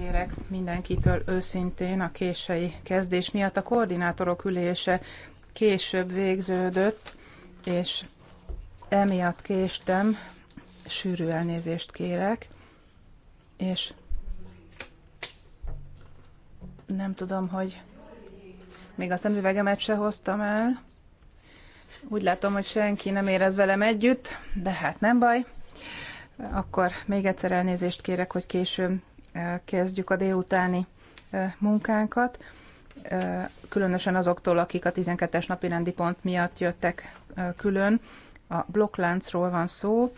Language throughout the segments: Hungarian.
kérek mindenkitől őszintén a késői kezdés miatt. A koordinátorok ülése később végződött, és emiatt késtem, sűrű elnézést kérek, és nem tudom, hogy még a szemüvegemet se hoztam el. Úgy látom, hogy senki nem érez velem együtt, de hát nem baj. Akkor még egyszer elnézést kérek, hogy későn kezdjük a délutáni munkánkat, különösen azoktól, akik a 12-es napi rendi pont miatt jöttek külön. A blokkláncról van szó.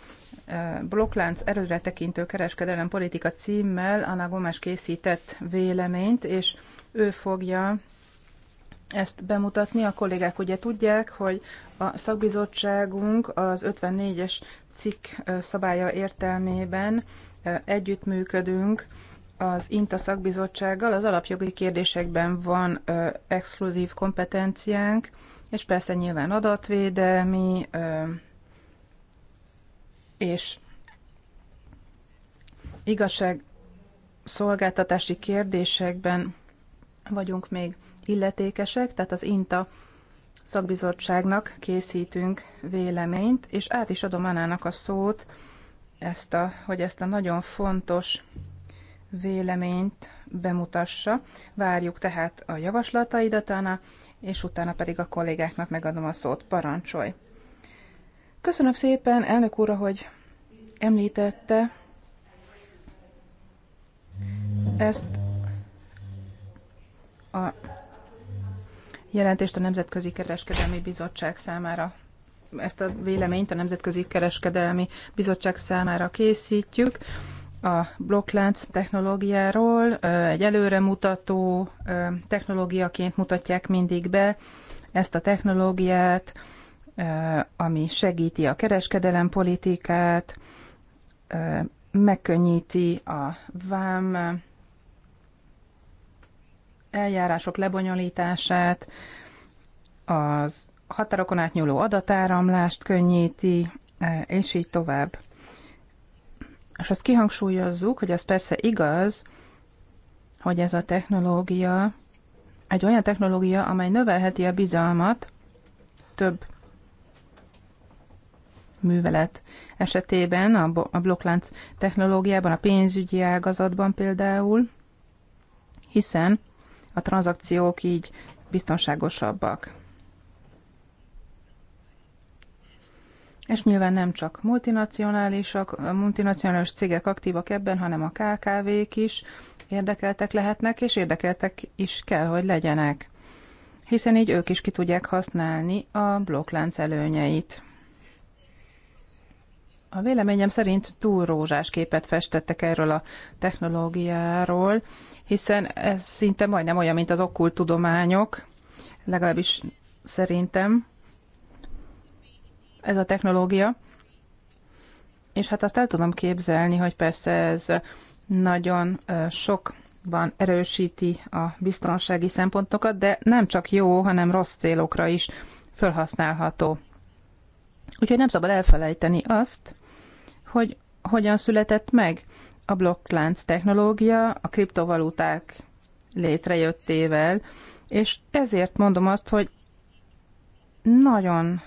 Blokklánc erőre tekintő kereskedelem politika címmel Anna Gomes készített véleményt, és ő fogja ezt bemutatni. A kollégák ugye tudják, hogy a szakbizottságunk az 54-es cikk szabálya értelmében együttműködünk az INTA szakbizottsággal az alapjogi kérdésekben van ö, exkluzív kompetenciánk, és persze nyilván adatvédelmi ö, és igazság szolgáltatási kérdésekben vagyunk még illetékesek, tehát az INTA szakbizottságnak készítünk véleményt, és át is adom Anának a szót, ezt a, hogy ezt a nagyon fontos véleményt bemutassa. Várjuk tehát a javaslataidat, Anna, és utána pedig a kollégáknak megadom a szót. Parancsolj! Köszönöm szépen, elnök úr, hogy említette ezt a jelentést a Nemzetközi Kereskedelmi Bizottság számára ezt a véleményt a Nemzetközi Kereskedelmi Bizottság számára készítjük a blokklánc technológiáról, egy előremutató technológiaként mutatják mindig be ezt a technológiát, ami segíti a kereskedelem politikát, megkönnyíti a vám eljárások lebonyolítását, az határokon átnyúló adatáramlást könnyíti, és így tovább. És azt kihangsúlyozzuk, hogy az persze igaz, hogy ez a technológia egy olyan technológia, amely növelheti a bizalmat több művelet esetében, a blokklánc technológiában, a pénzügyi ágazatban például, hiszen a tranzakciók így biztonságosabbak. És nyilván nem csak multinacionálisak, multinacionális cégek aktívak ebben, hanem a KKV-k is érdekeltek lehetnek, és érdekeltek is kell, hogy legyenek. Hiszen így ők is ki tudják használni a blokklánc előnyeit. A véleményem szerint túl rózsás képet festettek erről a technológiáról, hiszen ez szinte majdnem olyan, mint az okkult tudományok, legalábbis szerintem ez a technológia. És hát azt el tudom képzelni, hogy persze ez nagyon sokban erősíti a biztonsági szempontokat, de nem csak jó, hanem rossz célokra is felhasználható. Úgyhogy nem szabad elfelejteni azt, hogy hogyan született meg a blokklánc technológia a kriptovaluták létrejöttével, és ezért mondom azt, hogy nagyon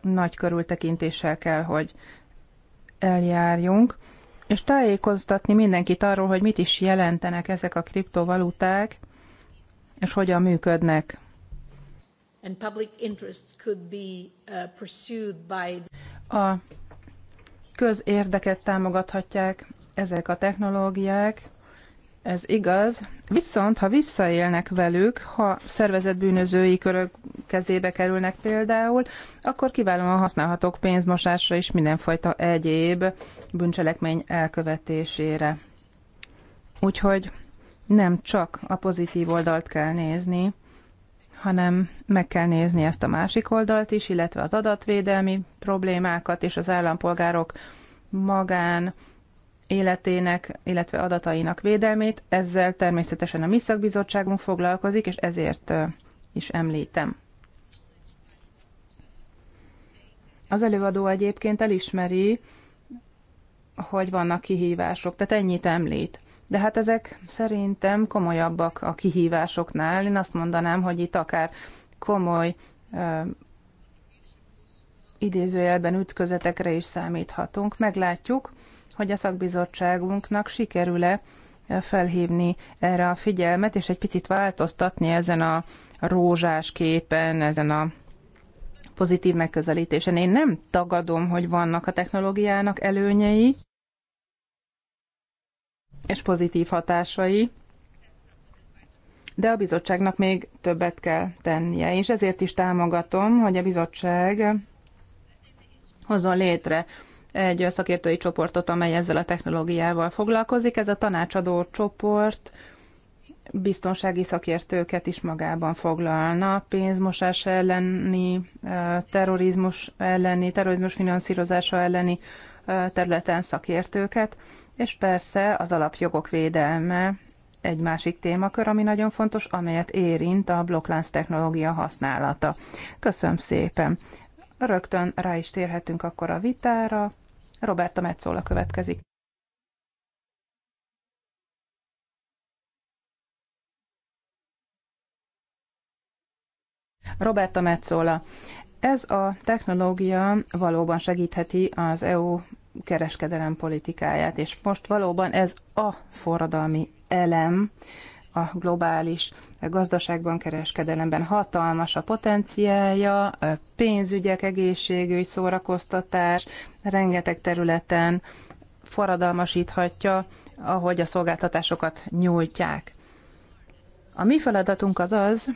nagy körültekintéssel kell, hogy eljárjunk, és tájékoztatni mindenkit arról, hogy mit is jelentenek ezek a kriptovaluták, és hogyan működnek. Uh, a közérdeket támogathatják ezek a technológiák, ez igaz, viszont ha visszaélnek velük, ha szervezetbűnözői körök kezébe kerülnek például, akkor kiválóan használhatók pénzmosásra és mindenfajta egyéb bűncselekmény elkövetésére. Úgyhogy nem csak a pozitív oldalt kell nézni, hanem meg kell nézni ezt a másik oldalt is, illetve az adatvédelmi problémákat és az állampolgárok magán életének, illetve adatainak védelmét. Ezzel természetesen a mi szakbizottságunk foglalkozik, és ezért is említem. Az előadó egyébként elismeri, hogy vannak kihívások, tehát ennyit említ. De hát ezek szerintem komolyabbak a kihívásoknál. Én azt mondanám, hogy itt akár komoly ö, idézőjelben ütközetekre is számíthatunk. Meglátjuk, hogy a szakbizottságunknak sikerül-e felhívni erre a figyelmet, és egy picit változtatni ezen a rózsás képen, ezen a pozitív megközelítésen. Én nem tagadom, hogy vannak a technológiának előnyei és pozitív hatásai, de a bizottságnak még többet kell tennie, és ezért is támogatom, hogy a bizottság hozzon létre egy szakértői csoportot, amely ezzel a technológiával foglalkozik. Ez a tanácsadó csoport biztonsági szakértőket is magában foglalna, pénzmosás elleni, terrorizmus elleni, terrorizmus finanszírozása elleni területen szakértőket, és persze az alapjogok védelme egy másik témakör, ami nagyon fontos, amelyet érint a blokklánc technológia használata. Köszönöm szépen! Rögtön rá is térhetünk akkor a vitára. Roberta Metzola következik. Roberta Metzola. Ez a technológia valóban segítheti az EU kereskedelem politikáját, és most valóban ez a forradalmi elem a globális gazdaságban, kereskedelemben hatalmas a potenciálja, pénzügyek, egészségügy, szórakoztatás, rengeteg területen forradalmasíthatja, ahogy a szolgáltatásokat nyújtják. A mi feladatunk az az,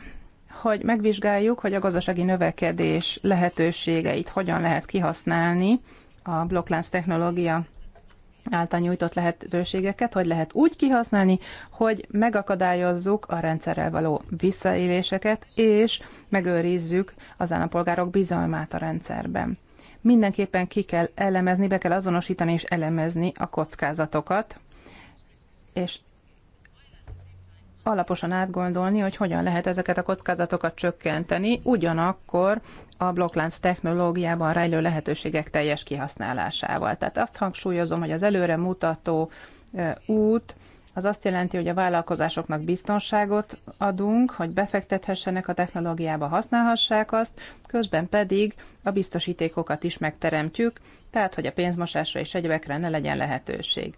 hogy megvizsgáljuk, hogy a gazdasági növekedés lehetőségeit hogyan lehet kihasználni a blokklánc technológia által nyújtott lehetőségeket, hogy lehet úgy kihasználni, hogy megakadályozzuk a rendszerrel való visszaéléseket, és megőrizzük az állampolgárok bizalmát a rendszerben. Mindenképpen ki kell elemezni, be kell azonosítani és elemezni a kockázatokat, és alaposan átgondolni, hogy hogyan lehet ezeket a kockázatokat csökkenteni, ugyanakkor a blokklánc technológiában rejlő lehetőségek teljes kihasználásával. Tehát azt hangsúlyozom, hogy az előre mutató út, az azt jelenti, hogy a vállalkozásoknak biztonságot adunk, hogy befektethessenek a technológiába, használhassák azt, közben pedig a biztosítékokat is megteremtjük, tehát hogy a pénzmosásra és egyebekre ne legyen lehetőség.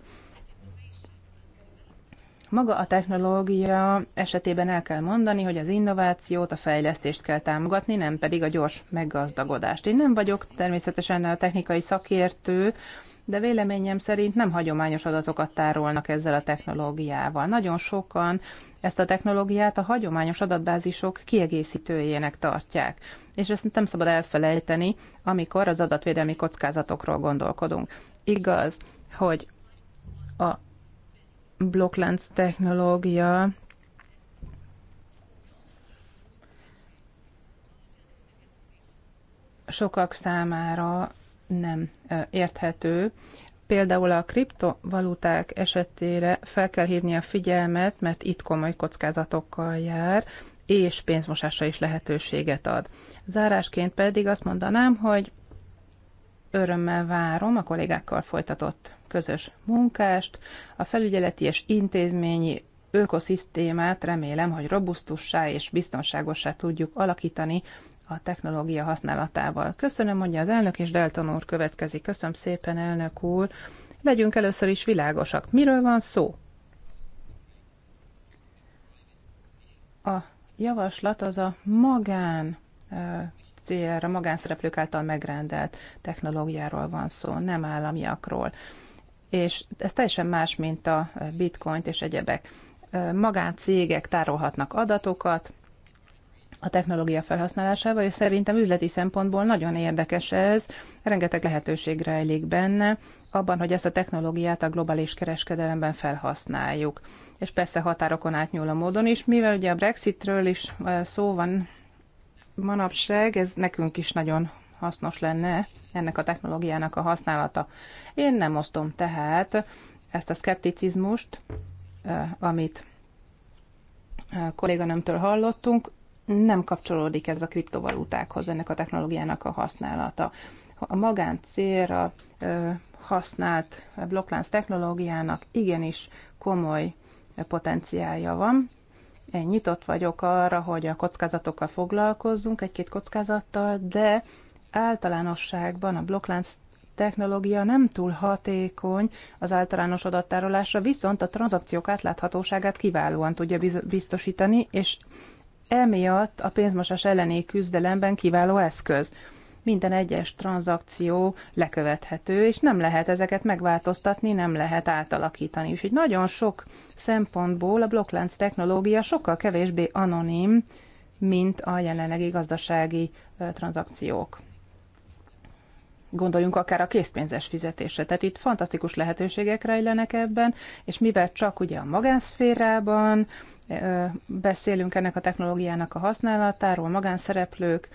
Maga a technológia esetében el kell mondani, hogy az innovációt, a fejlesztést kell támogatni, nem pedig a gyors meggazdagodást. Én nem vagyok természetesen a technikai szakértő, de véleményem szerint nem hagyományos adatokat tárolnak ezzel a technológiával. Nagyon sokan ezt a technológiát a hagyományos adatbázisok kiegészítőjének tartják. És ezt nem szabad elfelejteni, amikor az adatvédelmi kockázatokról gondolkodunk. Igaz, hogy a blokklánc technológia sokak számára nem érthető. Például a kriptovaluták esetére fel kell hívni a figyelmet, mert itt komoly kockázatokkal jár, és pénzmosásra is lehetőséget ad. Zárásként pedig azt mondanám, hogy örömmel várom a kollégákkal folytatott közös munkást, a felügyeleti és intézményi ökoszisztémát remélem, hogy robusztussá és biztonságossá tudjuk alakítani a technológia használatával. Köszönöm, mondja az elnök, és Delton úr következik. Köszönöm szépen, elnök úr. Legyünk először is világosak. Miről van szó? A javaslat az a magán célra, magánszereplők által megrendelt technológiáról van szó, nem államiakról és ez teljesen más, mint a bitcoint és egyebek. Magáncégek tárolhatnak adatokat, a technológia felhasználásával, és szerintem üzleti szempontból nagyon érdekes ez, rengeteg lehetőség rejlik benne, abban, hogy ezt a technológiát a globális kereskedelemben felhasználjuk. És persze határokon átnyúl a módon is, mivel ugye a Brexitről is szó van manapság, ez nekünk is nagyon hasznos lenne ennek a technológiának a használata. Én nem osztom tehát ezt a szkepticizmust, amit a kolléganőmtől hallottunk, nem kapcsolódik ez a kriptovalutákhoz, ennek a technológiának a használata. A célra használt blokklánc technológiának igenis komoly potenciálja van. Én nyitott vagyok arra, hogy a kockázatokkal foglalkozzunk, egy-két kockázattal, de általánosságban a blokklánc technológia nem túl hatékony az általános adattárolásra, viszont a tranzakciók átláthatóságát kiválóan tudja biztosítani, és emiatt a pénzmosás elleni küzdelemben kiváló eszköz minden egyes tranzakció lekövethető, és nem lehet ezeket megváltoztatni, nem lehet átalakítani. És így nagyon sok szempontból a blokklánc technológia sokkal kevésbé anonim, mint a jelenlegi gazdasági tranzakciók. Gondoljunk akár a készpénzes fizetésre. Tehát itt fantasztikus lehetőségek rejlenek ebben, és mivel csak ugye a magánszférában beszélünk ennek a technológiának a használatáról, magánszereplők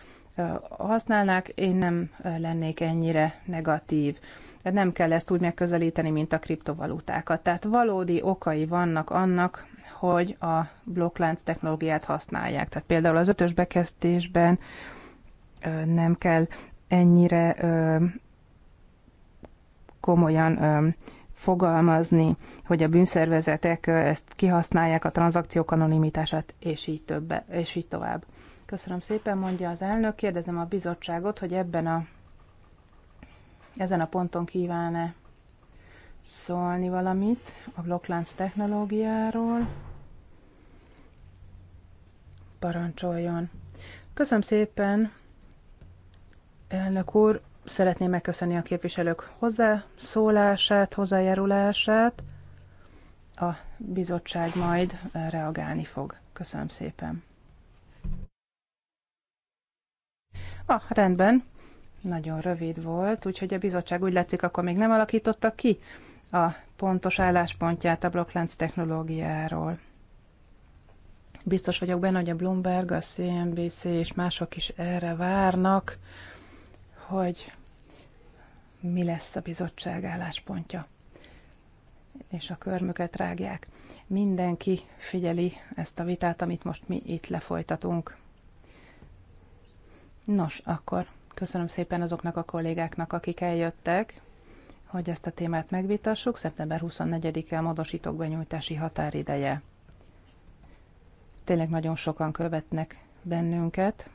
használnák, én nem lennék ennyire negatív nem kell ezt úgy megközelíteni, mint a kriptovalutákat. Tehát valódi okai vannak annak, hogy a blokklánc technológiát használják. Tehát például az ötös bekezdésben nem kell ennyire komolyan fogalmazni, hogy a bűnszervezetek ezt kihasználják a tranzakciók anonimitását, és így, többe, és így tovább. Köszönöm szépen, mondja az elnök. Kérdezem a bizottságot, hogy ebben a, ezen a ponton kíván-e szólni valamit a blokklánc technológiáról. Parancsoljon. Köszönöm szépen, Elnök úr, szeretném megköszönni a képviselők hozzászólását, hozzájárulását. A bizottság majd reagálni fog. Köszönöm szépen. Ah, rendben. Nagyon rövid volt, úgyhogy a bizottság úgy látszik, akkor még nem alakította ki a pontos álláspontját a blokklánc technológiáról. Biztos vagyok benne, hogy a Bloomberg, a CNBC és mások is erre várnak hogy mi lesz a bizottság álláspontja, és a körmüket rágják. Mindenki figyeli ezt a vitát, amit most mi itt lefolytatunk. Nos, akkor köszönöm szépen azoknak a kollégáknak, akik eljöttek, hogy ezt a témát megvitassuk. Szeptember 24-e a módosítók benyújtási határideje. Tényleg nagyon sokan követnek bennünket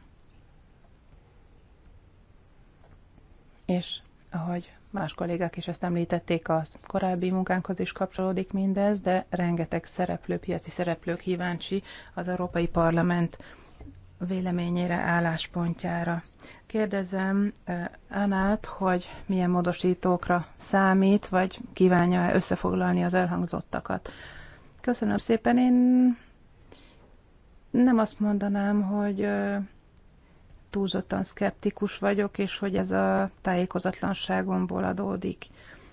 és ahogy más kollégák is ezt említették, a korábbi munkánkhoz is kapcsolódik mindez, de rengeteg szereplő, piaci szereplő kíváncsi az Európai Parlament véleményére, álláspontjára. Kérdezem Anát, hogy milyen módosítókra számít, vagy kívánja-e összefoglalni az elhangzottakat. Köszönöm szépen. Én nem azt mondanám, hogy túlzottan szkeptikus vagyok, és hogy ez a tájékozatlanságomból adódik,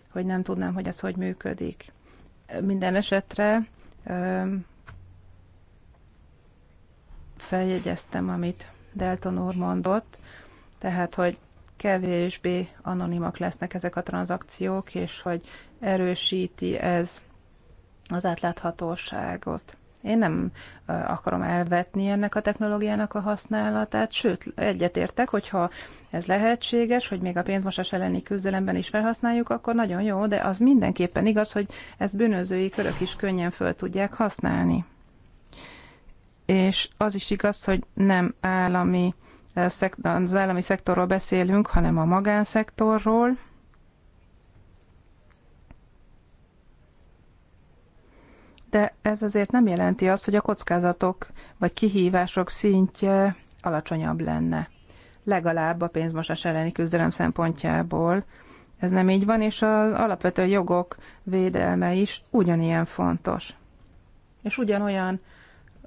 hogy nem tudnám, hogy ez hogy működik. Minden esetre feljegyeztem, amit Delton úr mondott, tehát, hogy kevésbé anonimak lesznek ezek a tranzakciók, és hogy erősíti ez az átláthatóságot. Én nem akarom elvetni ennek a technológiának a használatát, sőt, egyetértek, hogyha ez lehetséges, hogy még a pénzmosás elleni küzdelemben is felhasználjuk, akkor nagyon jó, de az mindenképpen igaz, hogy ezt bűnözői körök is könnyen föl tudják használni. És az is igaz, hogy nem állami, az állami szektorról beszélünk, hanem a magánszektorról, de ez azért nem jelenti azt, hogy a kockázatok vagy kihívások szintje alacsonyabb lenne. Legalább a pénzmosás elleni küzdelem szempontjából. Ez nem így van, és az alapvető jogok védelme is ugyanilyen fontos. És ugyanolyan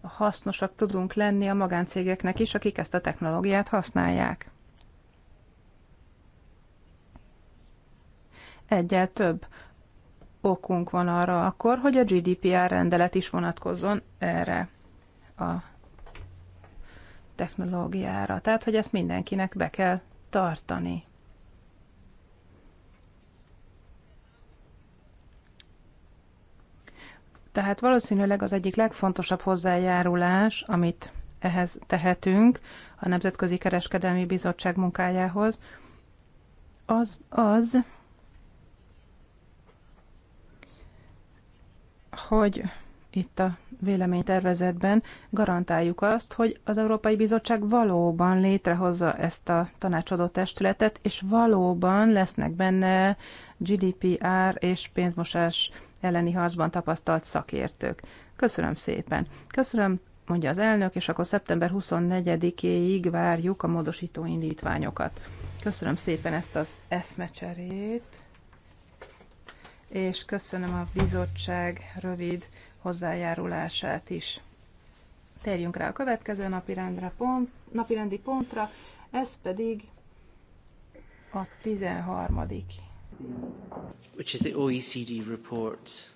hasznosak tudunk lenni a magáncégeknek is, akik ezt a technológiát használják. Egyel több okunk van arra akkor, hogy a GDPR rendelet is vonatkozzon erre a technológiára. Tehát, hogy ezt mindenkinek be kell tartani. Tehát valószínűleg az egyik legfontosabb hozzájárulás, amit ehhez tehetünk a Nemzetközi Kereskedelmi Bizottság munkájához, az az, hogy itt a véleménytervezetben garantáljuk azt, hogy az Európai Bizottság valóban létrehozza ezt a tanácsadó testületet, és valóban lesznek benne GDPR és pénzmosás elleni harcban tapasztalt szakértők. Köszönöm szépen. Köszönöm, mondja az elnök, és akkor szeptember 24-éig várjuk a módosító indítványokat. Köszönöm szépen ezt az eszmecserét és köszönöm a bizottság rövid hozzájárulását is. Térjünk rá a következő napirendre pont, napirendi pontra, ez pedig a 13. Which is the OECD report.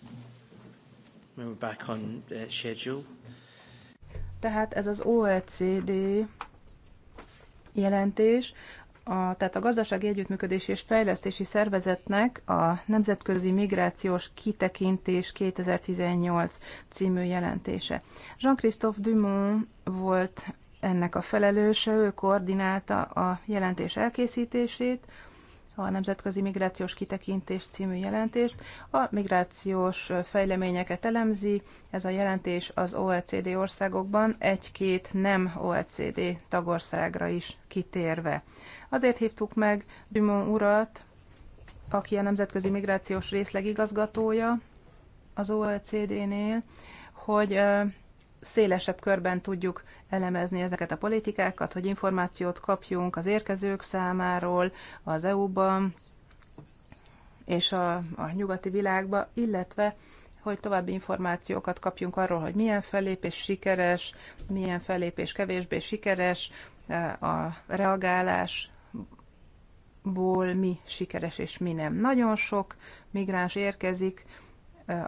We're back on uh, schedule. Tehát ez az OECD jelentés, a, tehát a Gazdasági együttműködés és Fejlesztési Szervezetnek a Nemzetközi Migrációs Kitekintés 2018 című jelentése. Jean-Christophe Dumont volt ennek a felelőse, ő koordinálta a jelentés elkészítését, a Nemzetközi Migrációs Kitekintés című jelentést. A migrációs fejleményeket elemzi, ez a jelentés az OECD országokban, egy-két nem OECD tagországra is kitérve. Azért hívtuk meg Dumont urat, aki a Nemzetközi Migrációs Részleg igazgatója az OECD-nél, hogy szélesebb körben tudjuk elemezni ezeket a politikákat, hogy információt kapjunk az érkezők számáról, az EU-ban és a, a nyugati világban, illetve hogy további információkat kapjunk arról, hogy milyen fellépés sikeres, milyen fellépés kevésbé sikeres, a reagálás ból mi sikeres és mi nem. Nagyon sok migráns érkezik,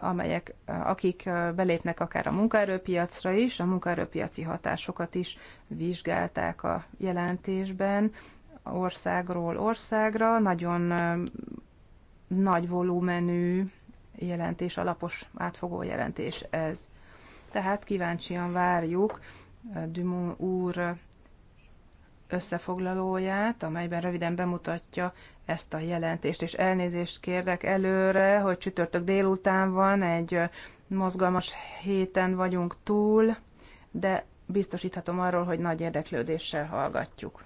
amelyek, akik belépnek akár a munkaerőpiacra is, a munkaerőpiaci hatásokat is vizsgálták a jelentésben országról országra. Nagyon nagy volumenű jelentés, alapos átfogó jelentés ez. Tehát kíváncsian várjuk Dumont úr összefoglalóját, amelyben röviden bemutatja ezt a jelentést, és elnézést kérek előre, hogy csütörtök délután van, egy mozgalmas héten vagyunk túl, de biztosíthatom arról, hogy nagy érdeklődéssel hallgatjuk.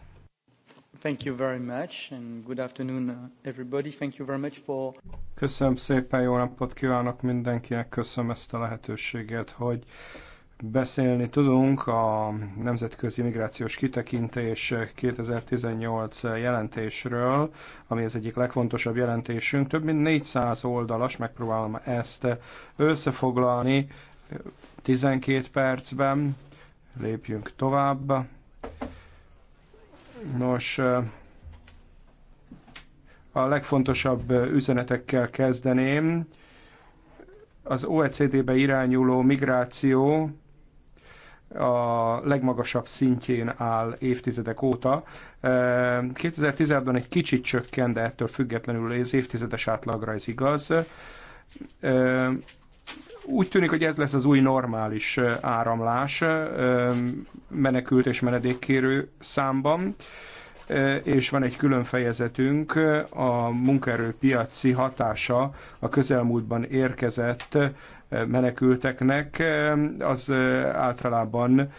Thank you very much, and good afternoon uh, everybody. Thank you very much for... Köszönöm szépen, jó napot kívánok mindenkinek, köszönöm ezt a lehetőséget, hogy beszélni tudunk a Nemzetközi Migrációs Kitekintés 2018 jelentésről, ami az egyik legfontosabb jelentésünk. Több mint 400 oldalas, megpróbálom ezt összefoglalni 12 percben. Lépjünk tovább. Nos, a legfontosabb üzenetekkel kezdeném. Az OECD-be irányuló migráció a legmagasabb szintjén áll évtizedek óta. 2010-ben egy kicsit csökkent, de ettől függetlenül ez évtizedes átlagra ez igaz. Úgy tűnik, hogy ez lesz az új normális áramlás menekült és menedékkérő számban és van egy külön fejezetünk a munkaerőpiaci hatása a közelmúltban érkezett menekülteknek. Az általában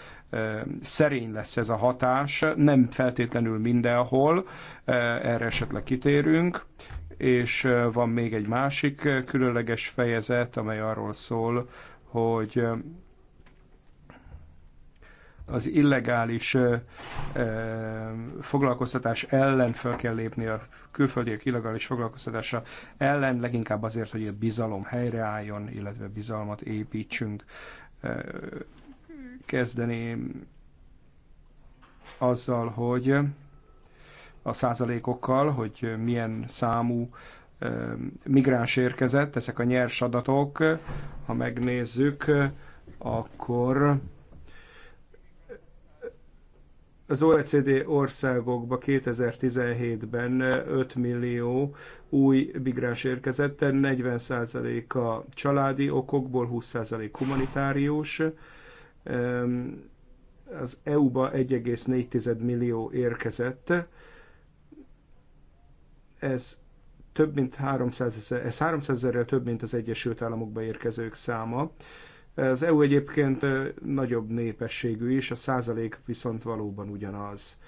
szerény lesz ez a hatás, nem feltétlenül mindenhol, erre esetleg kitérünk, és van még egy másik különleges fejezet, amely arról szól, hogy az illegális foglalkoztatás ellen fel kell lépni a külföldiek illegális foglalkoztatása ellen, leginkább azért, hogy a bizalom helyreálljon, illetve bizalmat építsünk. Kezdeném azzal, hogy a százalékokkal, hogy milyen számú migráns érkezett, ezek a nyers adatok, ha megnézzük, akkor az OECD országokba 2017-ben 5 millió új migráns érkezett, 40%-a családi okokból, 20% humanitárius. Az EU-ba 1,4 millió érkezett. Ez több mint 300 ezer, ez 300 ezerrel több, mint az Egyesült Államokba érkezők száma. Az EU egyébként nagyobb népességű is, a százalék viszont valóban ugyanaz.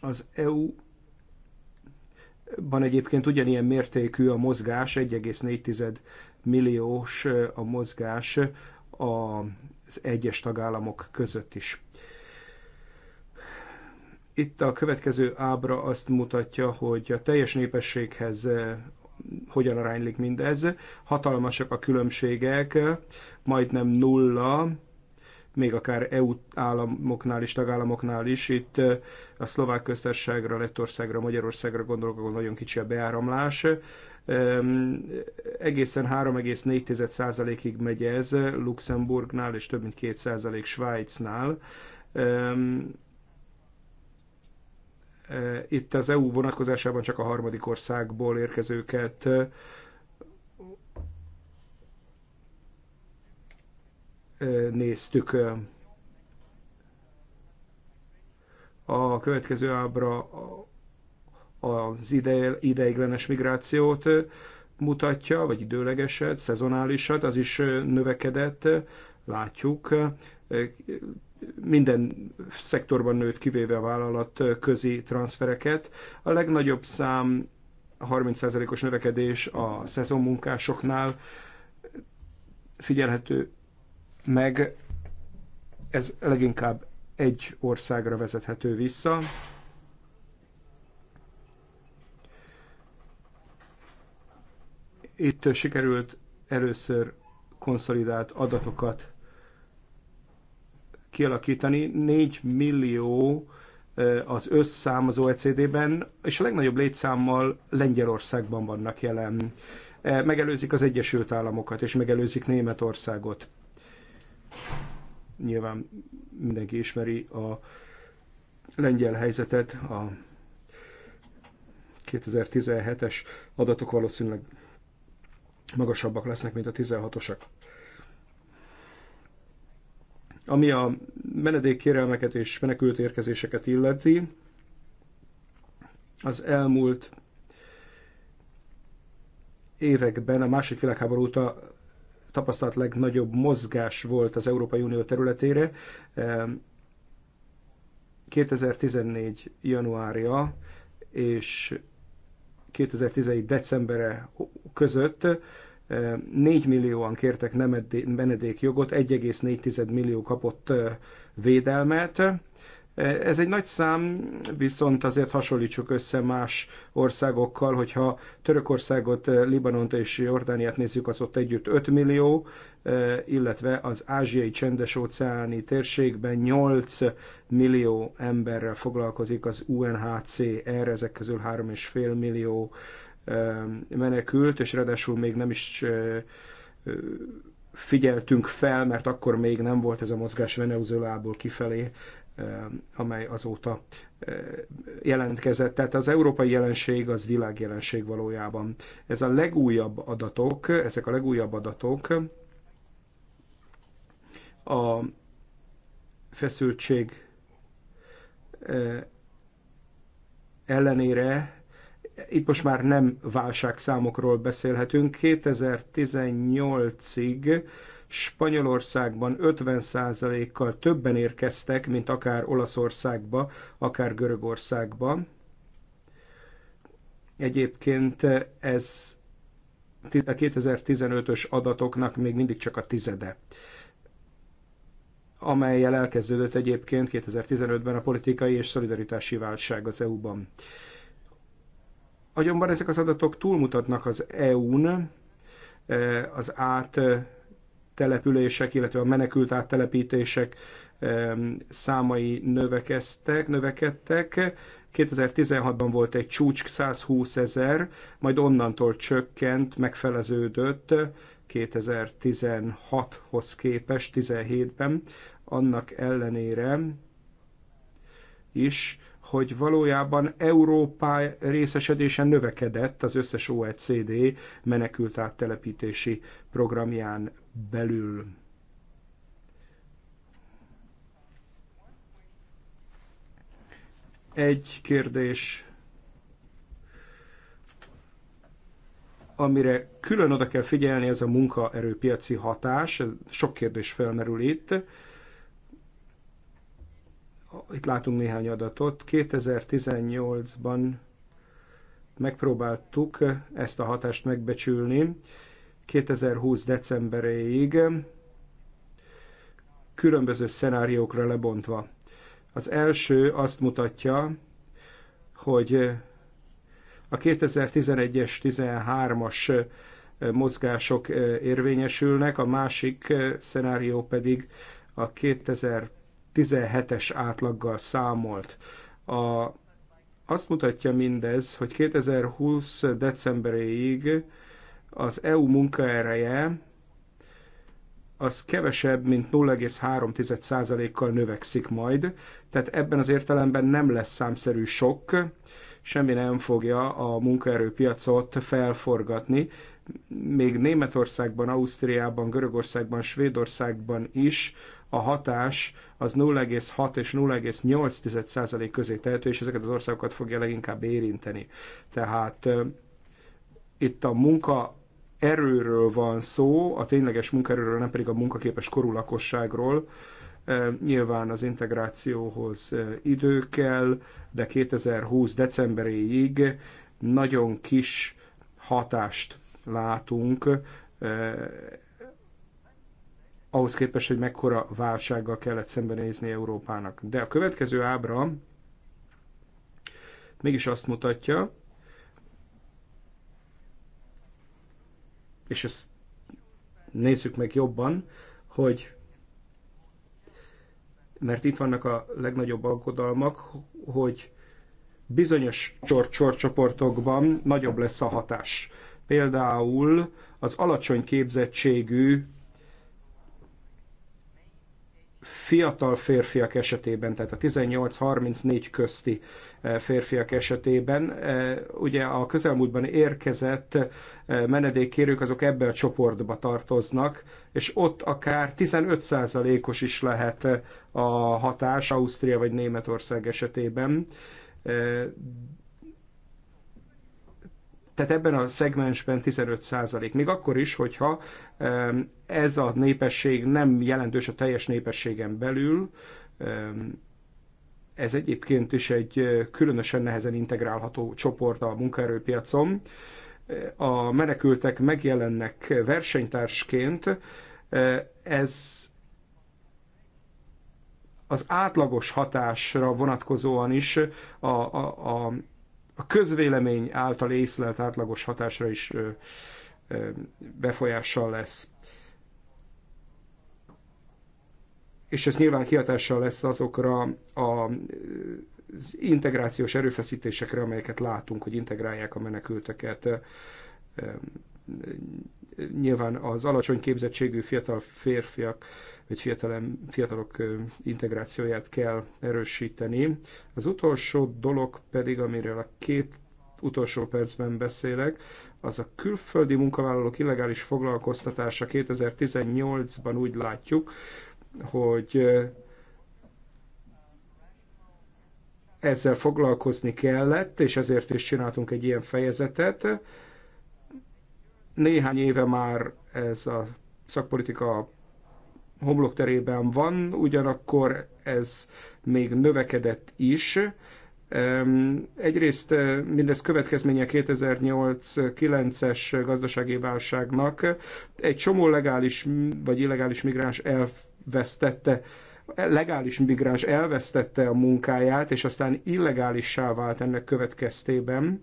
Az EU ban egyébként ugyanilyen mértékű a mozgás, 1,4 milliós a mozgás az egyes tagállamok között is. Itt a következő ábra azt mutatja, hogy a teljes népességhez hogyan aránylik mindez. Hatalmasak a különbségek, majdnem nulla, még akár EU államoknál is, tagállamoknál is. Itt a szlovák köztársaságra, Lettországra, Magyarországra gondolok, ahol nagyon kicsi a beáramlás. Egészen 3,4%-ig megy ez Luxemburgnál, és több mint 2% Svájcnál. Itt az EU vonatkozásában csak a harmadik országból érkezőket néztük. A következő ábra az ide, ideiglenes migrációt mutatja, vagy időlegeset, szezonálisat, az is növekedett, látjuk minden szektorban nőtt, kivéve a vállalat közi transfereket. A legnagyobb szám 30%-os növekedés a szezonmunkásoknál figyelhető meg, ez leginkább egy országra vezethető vissza. Itt sikerült először konszolidált adatokat kialakítani. 4 millió az összszám az OECD-ben, és a legnagyobb létszámmal Lengyelországban vannak jelen. Megelőzik az Egyesült Államokat, és megelőzik Németországot. Nyilván mindenki ismeri a lengyel helyzetet, a 2017-es adatok valószínűleg magasabbak lesznek, mint a 16-osak. Ami a menedékkérelmeket és menekült érkezéseket illeti, az elmúlt években a második világháború óta tapasztalt legnagyobb mozgás volt az Európai Unió területére. 2014. januárja és 2011 decembere között 4 millióan kértek nem jogot, 1,4 millió kapott védelmet. Ez egy nagy szám, viszont azért hasonlítsuk össze más országokkal, hogyha Törökországot, Libanont és Jordániát nézzük, az ott együtt 5 millió, illetve az ázsiai csendes-óceáni térségben 8 millió emberrel foglalkozik az UNHCR, ezek közül 3,5 millió menekült, és ráadásul még nem is figyeltünk fel, mert akkor még nem volt ez a mozgás Venezuelából kifelé, amely azóta jelentkezett. Tehát az európai jelenség az világjelenség valójában. Ez a legújabb adatok, ezek a legújabb adatok a feszültség ellenére itt most már nem válságszámokról beszélhetünk. 2018-ig Spanyolországban 50%-kal többen érkeztek, mint akár Olaszországba, akár Görögországba. Egyébként ez a 2015-ös adatoknak még mindig csak a tizede amelyel elkezdődött egyébként 2015-ben a politikai és szolidaritási válság az EU-ban agyomban ezek az adatok túlmutatnak az EU-n, e, az áttelepülések, illetve a menekült áttelepítések e, számai növekeztek, növekedtek. 2016-ban volt egy csúcs 120 ezer, majd onnantól csökkent, megfeleződött 2016-hoz képest 17-ben, annak ellenére is, hogy valójában Európá részesedése növekedett az összes OECD menekült áttelepítési programján belül. Egy kérdés, amire külön oda kell figyelni, ez a munkaerőpiaci hatás. Sok kérdés felmerül itt itt látunk néhány adatot. 2018-ban megpróbáltuk ezt a hatást megbecsülni. 2020 decemberéig különböző szenáriókra lebontva. Az első azt mutatja, hogy a 2011-es, 13-as mozgások érvényesülnek, a másik szenárió pedig a 2000 17-es átlaggal számolt. A, azt mutatja mindez, hogy 2020. decemberéig az EU munkaereje az kevesebb, mint 0,3%-kal növekszik majd, tehát ebben az értelemben nem lesz számszerű sok, semmi nem fogja a munkaerőpiacot felforgatni. Még Németországban, Ausztriában, Görögországban, Svédországban is a hatás az 0,6 és 0,8 százalék közé tehető, és ezeket az országokat fogja leginkább érinteni. Tehát itt a munka erőről van szó, a tényleges munkaerőről, nem pedig a munkaképes korú lakosságról. Nyilván az integrációhoz idő kell, de 2020. decemberéig nagyon kis hatást látunk ahhoz képest, hogy mekkora válsággal kellett szembenézni Európának. De a következő ábra mégis azt mutatja, és ezt nézzük meg jobban, hogy mert itt vannak a legnagyobb aggodalmak, hogy bizonyos csorcsoportokban nagyobb lesz a hatás. Például az alacsony képzettségű fiatal férfiak esetében, tehát a 18-34 közti e, férfiak esetében. E, ugye a közelmúltban érkezett e, menedékkérők azok ebbe a csoportba tartoznak, és ott akár 15%-os is lehet a hatás Ausztria vagy Németország esetében tehát ebben a szegmensben 15 százalék. Még akkor is, hogyha ez a népesség nem jelentős a teljes népességen belül, ez egyébként is egy különösen nehezen integrálható csoport a munkaerőpiacon. A menekültek megjelennek versenytársként, ez az átlagos hatásra vonatkozóan is a, a, a a közvélemény által észlelt átlagos hatásra is befolyással lesz. És ez nyilván kihatással lesz azokra a az integrációs erőfeszítésekre, amelyeket látunk, hogy integrálják a menekülteket. Nyilván az alacsony képzettségű fiatal férfiak vagy fiatalem, fiatalok integrációját kell erősíteni. Az utolsó dolog pedig, amiről a két utolsó percben beszélek, az a külföldi munkavállalók illegális foglalkoztatása 2018-ban úgy látjuk, hogy ezzel foglalkozni kellett, és ezért is csináltunk egy ilyen fejezetet. Néhány éve már ez a szakpolitika homlokterében van, ugyanakkor ez még növekedett is. Egyrészt eh, mindez következménye 2008-9-es gazdasági válságnak. Egy csomó legális vagy illegális migráns elvesztette legális migráns elvesztette a munkáját, és aztán illegálissá vált ennek következtében.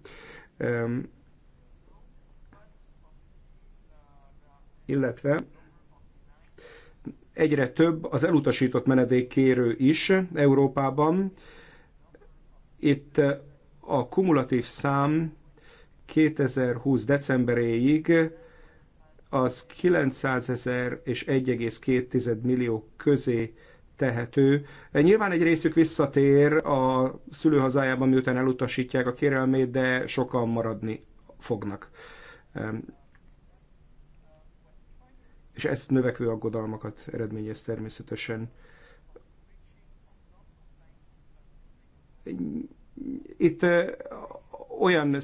Illetve egyre több az elutasított menedékkérő is Európában. Itt a kumulatív szám 2020 decemberéig az 900 ezer és 1,2 millió közé tehető. Nyilván egy részük visszatér a szülőhazájában, miután elutasítják a kérelmét, de sokan maradni fognak és ezt növekvő aggodalmakat eredményez természetesen. Itt olyan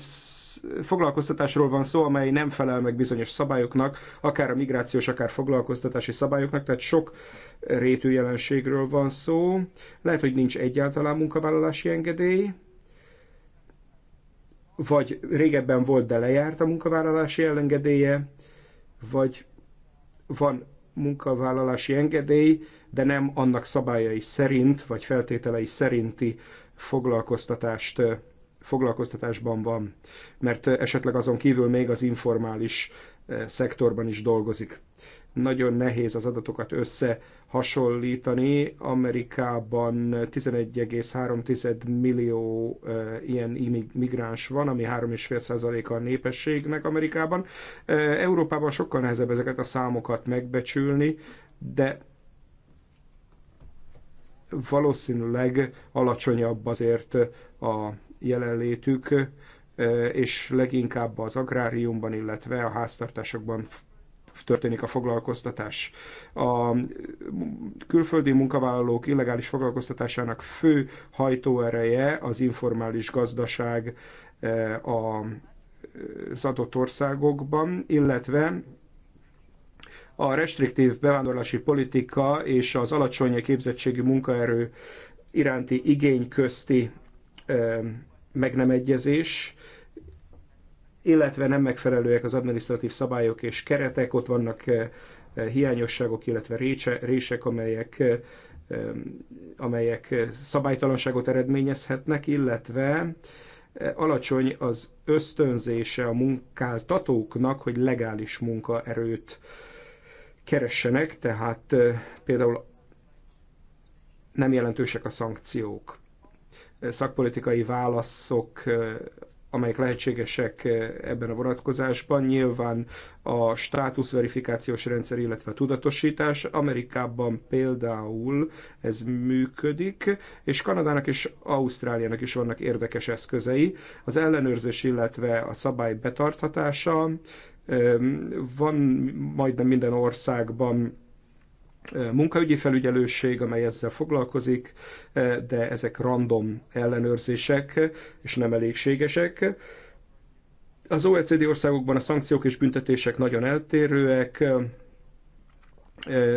foglalkoztatásról van szó, amely nem felel meg bizonyos szabályoknak, akár a migrációs, akár foglalkoztatási szabályoknak, tehát sok rétű jelenségről van szó. Lehet, hogy nincs egyáltalán munkavállalási engedély, vagy régebben volt, de lejárt a munkavállalási ellengedélye, vagy van munkavállalási engedély, de nem annak szabályai szerint, vagy feltételei szerinti foglalkoztatást foglalkoztatásban van, mert esetleg azon kívül még az informális szektorban is dolgozik. Nagyon nehéz az adatokat össze hasonlítani. Amerikában 11,3 millió ilyen migráns van, ami 3,5%-a a népességnek Amerikában. Európában sokkal nehezebb ezeket a számokat megbecsülni, de valószínűleg alacsonyabb azért a jelenlétük, és leginkább az agráriumban, illetve a háztartásokban történik a foglalkoztatás. A külföldi munkavállalók illegális foglalkoztatásának fő hajtóereje az informális gazdaság eh, a az adott országokban, illetve a restriktív bevándorlási politika és az alacsony képzettségi munkaerő iránti igény közti eh, meg nem egyezés, illetve nem megfelelőek az administratív szabályok és keretek, ott vannak eh, eh, hiányosságok, illetve rése, rések, amelyek, eh, amelyek szabálytalanságot eredményezhetnek, illetve alacsony az ösztönzése a munkáltatóknak, hogy legális munkaerőt keressenek, tehát például nem jelentősek a szankciók. Szakpolitikai válaszok amelyek lehetségesek eh, ebben a vonatkozásban. Nyilván a státuszverifikációs rendszer, illetve a tudatosítás. Amerikában például ez működik, és Kanadának és Ausztráliának is vannak érdekes eszközei. Az ellenőrzés, illetve a szabály betartatása. Eh, van majdnem minden országban munkaügyi felügyelőség, amely ezzel foglalkozik, de ezek random ellenőrzések, és nem elégségesek. Az OECD országokban a szankciók és büntetések nagyon eltérőek,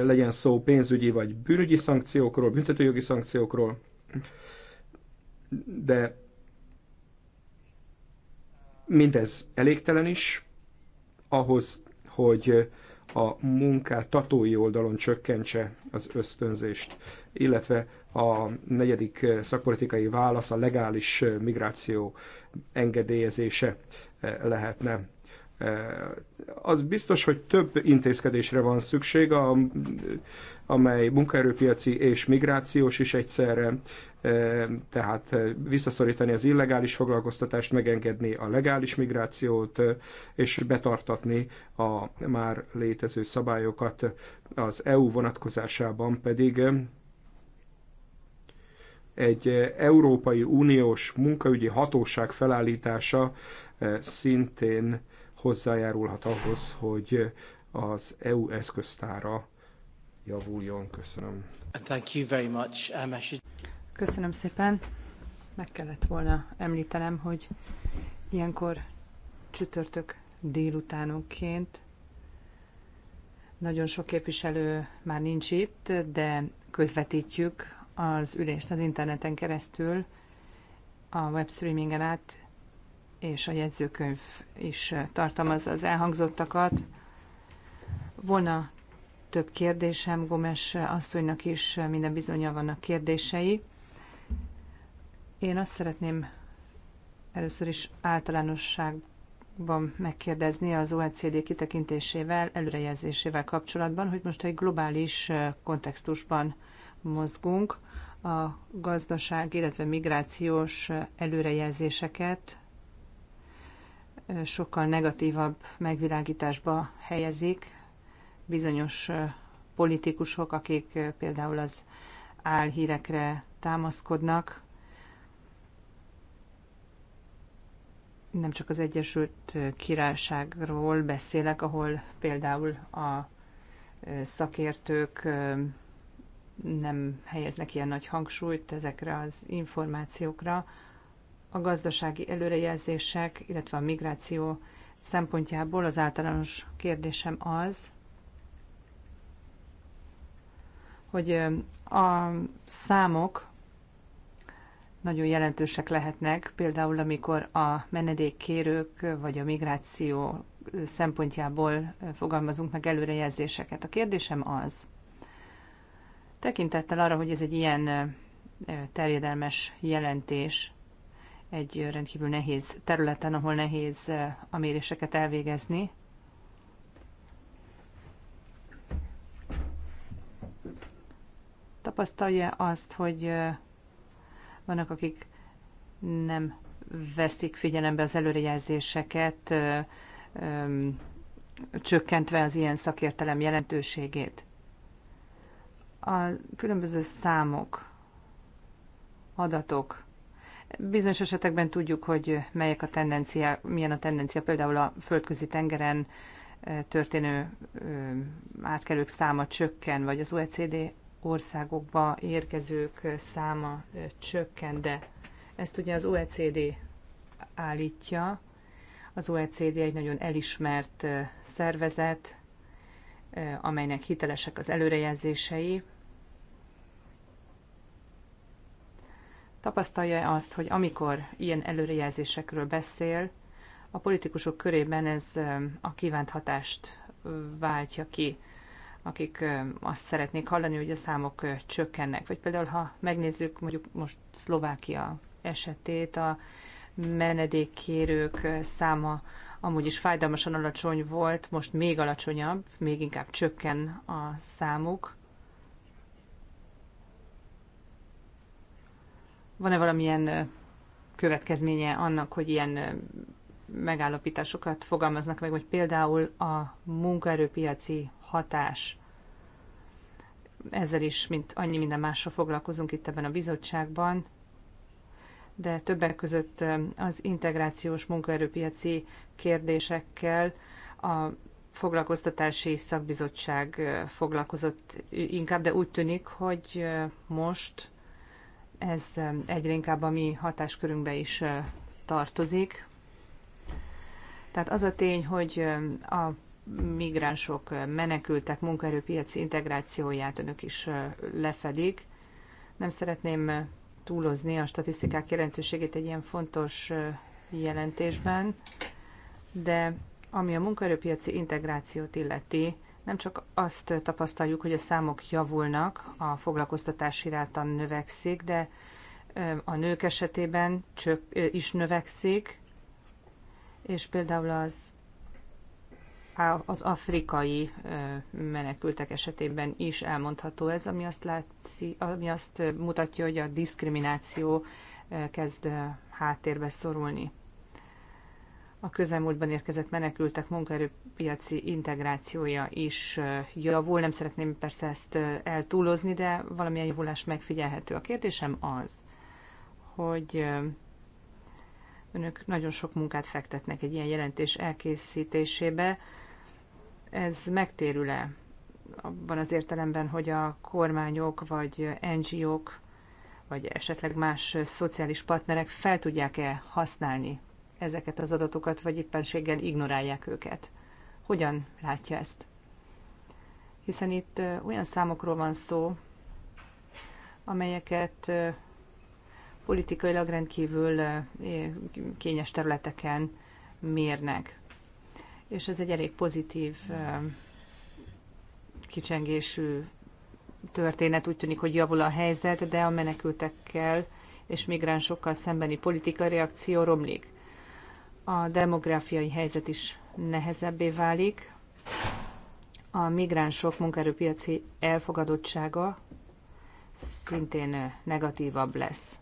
legyen szó pénzügyi vagy bűnügyi szankciókról, büntetőjogi szankciókról, de mindez elégtelen is ahhoz, hogy a munkáltatói oldalon csökkentse az ösztönzést, illetve a negyedik szakpolitikai válasz a legális migráció engedélyezése e, lehetne. E, az biztos, hogy több intézkedésre van szükség, amely munkaerőpiaci és migrációs is egyszerre tehát visszaszorítani az illegális foglalkoztatást, megengedni a legális migrációt, és betartatni a már létező szabályokat. Az EU vonatkozásában pedig egy Európai Uniós munkaügyi hatóság felállítása szintén hozzájárulhat ahhoz, hogy az EU eszköztára javuljon. Köszönöm. Thank you very much, Köszönöm szépen. Meg kellett volna említenem, hogy ilyenkor csütörtök délutánonként nagyon sok képviselő már nincs itt, de közvetítjük az ülést az interneten keresztül, a webstreamingen át, és a jegyzőkönyv is tartalmazza az elhangzottakat. Volna több kérdésem, Gomes asszonynak is minden bizonyal vannak kérdései. Én azt szeretném először is általánosságban megkérdezni az OECD kitekintésével, előrejelzésével kapcsolatban, hogy most egy globális kontextusban mozgunk, a gazdaság, illetve migrációs előrejelzéseket sokkal negatívabb megvilágításba helyezik bizonyos politikusok, akik például az álhírekre támaszkodnak, nem csak az Egyesült Királyságról beszélek, ahol például a szakértők nem helyeznek ilyen nagy hangsúlyt ezekre az információkra. A gazdasági előrejelzések, illetve a migráció szempontjából az általános kérdésem az, hogy a számok nagyon jelentősek lehetnek, például amikor a menedékkérők vagy a migráció szempontjából fogalmazunk meg előrejelzéseket. A kérdésem az, tekintettel arra, hogy ez egy ilyen terjedelmes jelentés, egy rendkívül nehéz területen, ahol nehéz a méréseket elvégezni, tapasztalja azt, hogy vannak, akik nem veszik figyelembe az előrejelzéseket, csökkentve az ilyen szakértelem jelentőségét. A különböző számok, adatok, bizonyos esetekben tudjuk, hogy melyek a tendencia, milyen a tendencia, például a földközi tengeren történő átkelők száma csökken, vagy az OECD országokba érkezők száma csökken, de ezt ugye az OECD állítja. Az OECD egy nagyon elismert szervezet, amelynek hitelesek az előrejelzései. Tapasztalja azt, hogy amikor ilyen előrejelzésekről beszél, a politikusok körében ez a kívánt hatást váltja ki akik azt szeretnék hallani, hogy a számok csökkennek. Vagy például, ha megnézzük mondjuk most Szlovákia esetét, a menedékkérők száma amúgy is fájdalmasan alacsony volt, most még alacsonyabb, még inkább csökken a számuk. Van-e valamilyen következménye annak, hogy ilyen megállapításokat fogalmaznak meg, vagy például a munkaerőpiaci hatás. Ezzel is, mint annyi minden másra foglalkozunk itt ebben a bizottságban, de többek között az integrációs munkaerőpiaci kérdésekkel a foglalkoztatási szakbizottság foglalkozott inkább, de úgy tűnik, hogy most ez egyre inkább a mi hatáskörünkbe is tartozik. Tehát az a tény, hogy a migránsok, menekültek munkaerőpiaci integrációját önök is lefedik. Nem szeretném túlozni a statisztikák jelentőségét egy ilyen fontos jelentésben, de ami a munkaerőpiaci integrációt illeti, nem csak azt tapasztaljuk, hogy a számok javulnak, a foglalkoztatási ráta növekszik, de a nők esetében is növekszik, és például az az afrikai menekültek esetében is elmondható ez, ami azt, látszi, ami azt mutatja, hogy a diszkrimináció kezd háttérbe szorulni. A közelmúltban érkezett menekültek munkaerőpiaci integrációja is javul. Nem szeretném persze ezt eltúlozni, de valamilyen javulás megfigyelhető. A kérdésem az, hogy önök nagyon sok munkát fektetnek egy ilyen jelentés elkészítésébe ez megtérül-e abban az értelemben, hogy a kormányok vagy NGO-k vagy esetleg más szociális partnerek fel tudják-e használni ezeket az adatokat, vagy éppenséggel ignorálják őket. Hogyan látja ezt? Hiszen itt olyan számokról van szó, amelyeket politikailag rendkívül kényes területeken mérnek és ez egy elég pozitív kicsengésű történet. Úgy tűnik, hogy javul a helyzet, de a menekültekkel és migránsokkal szembeni politika reakció romlik. A demográfiai helyzet is nehezebbé válik. A migránsok munkaerőpiaci elfogadottsága szintén negatívabb lesz.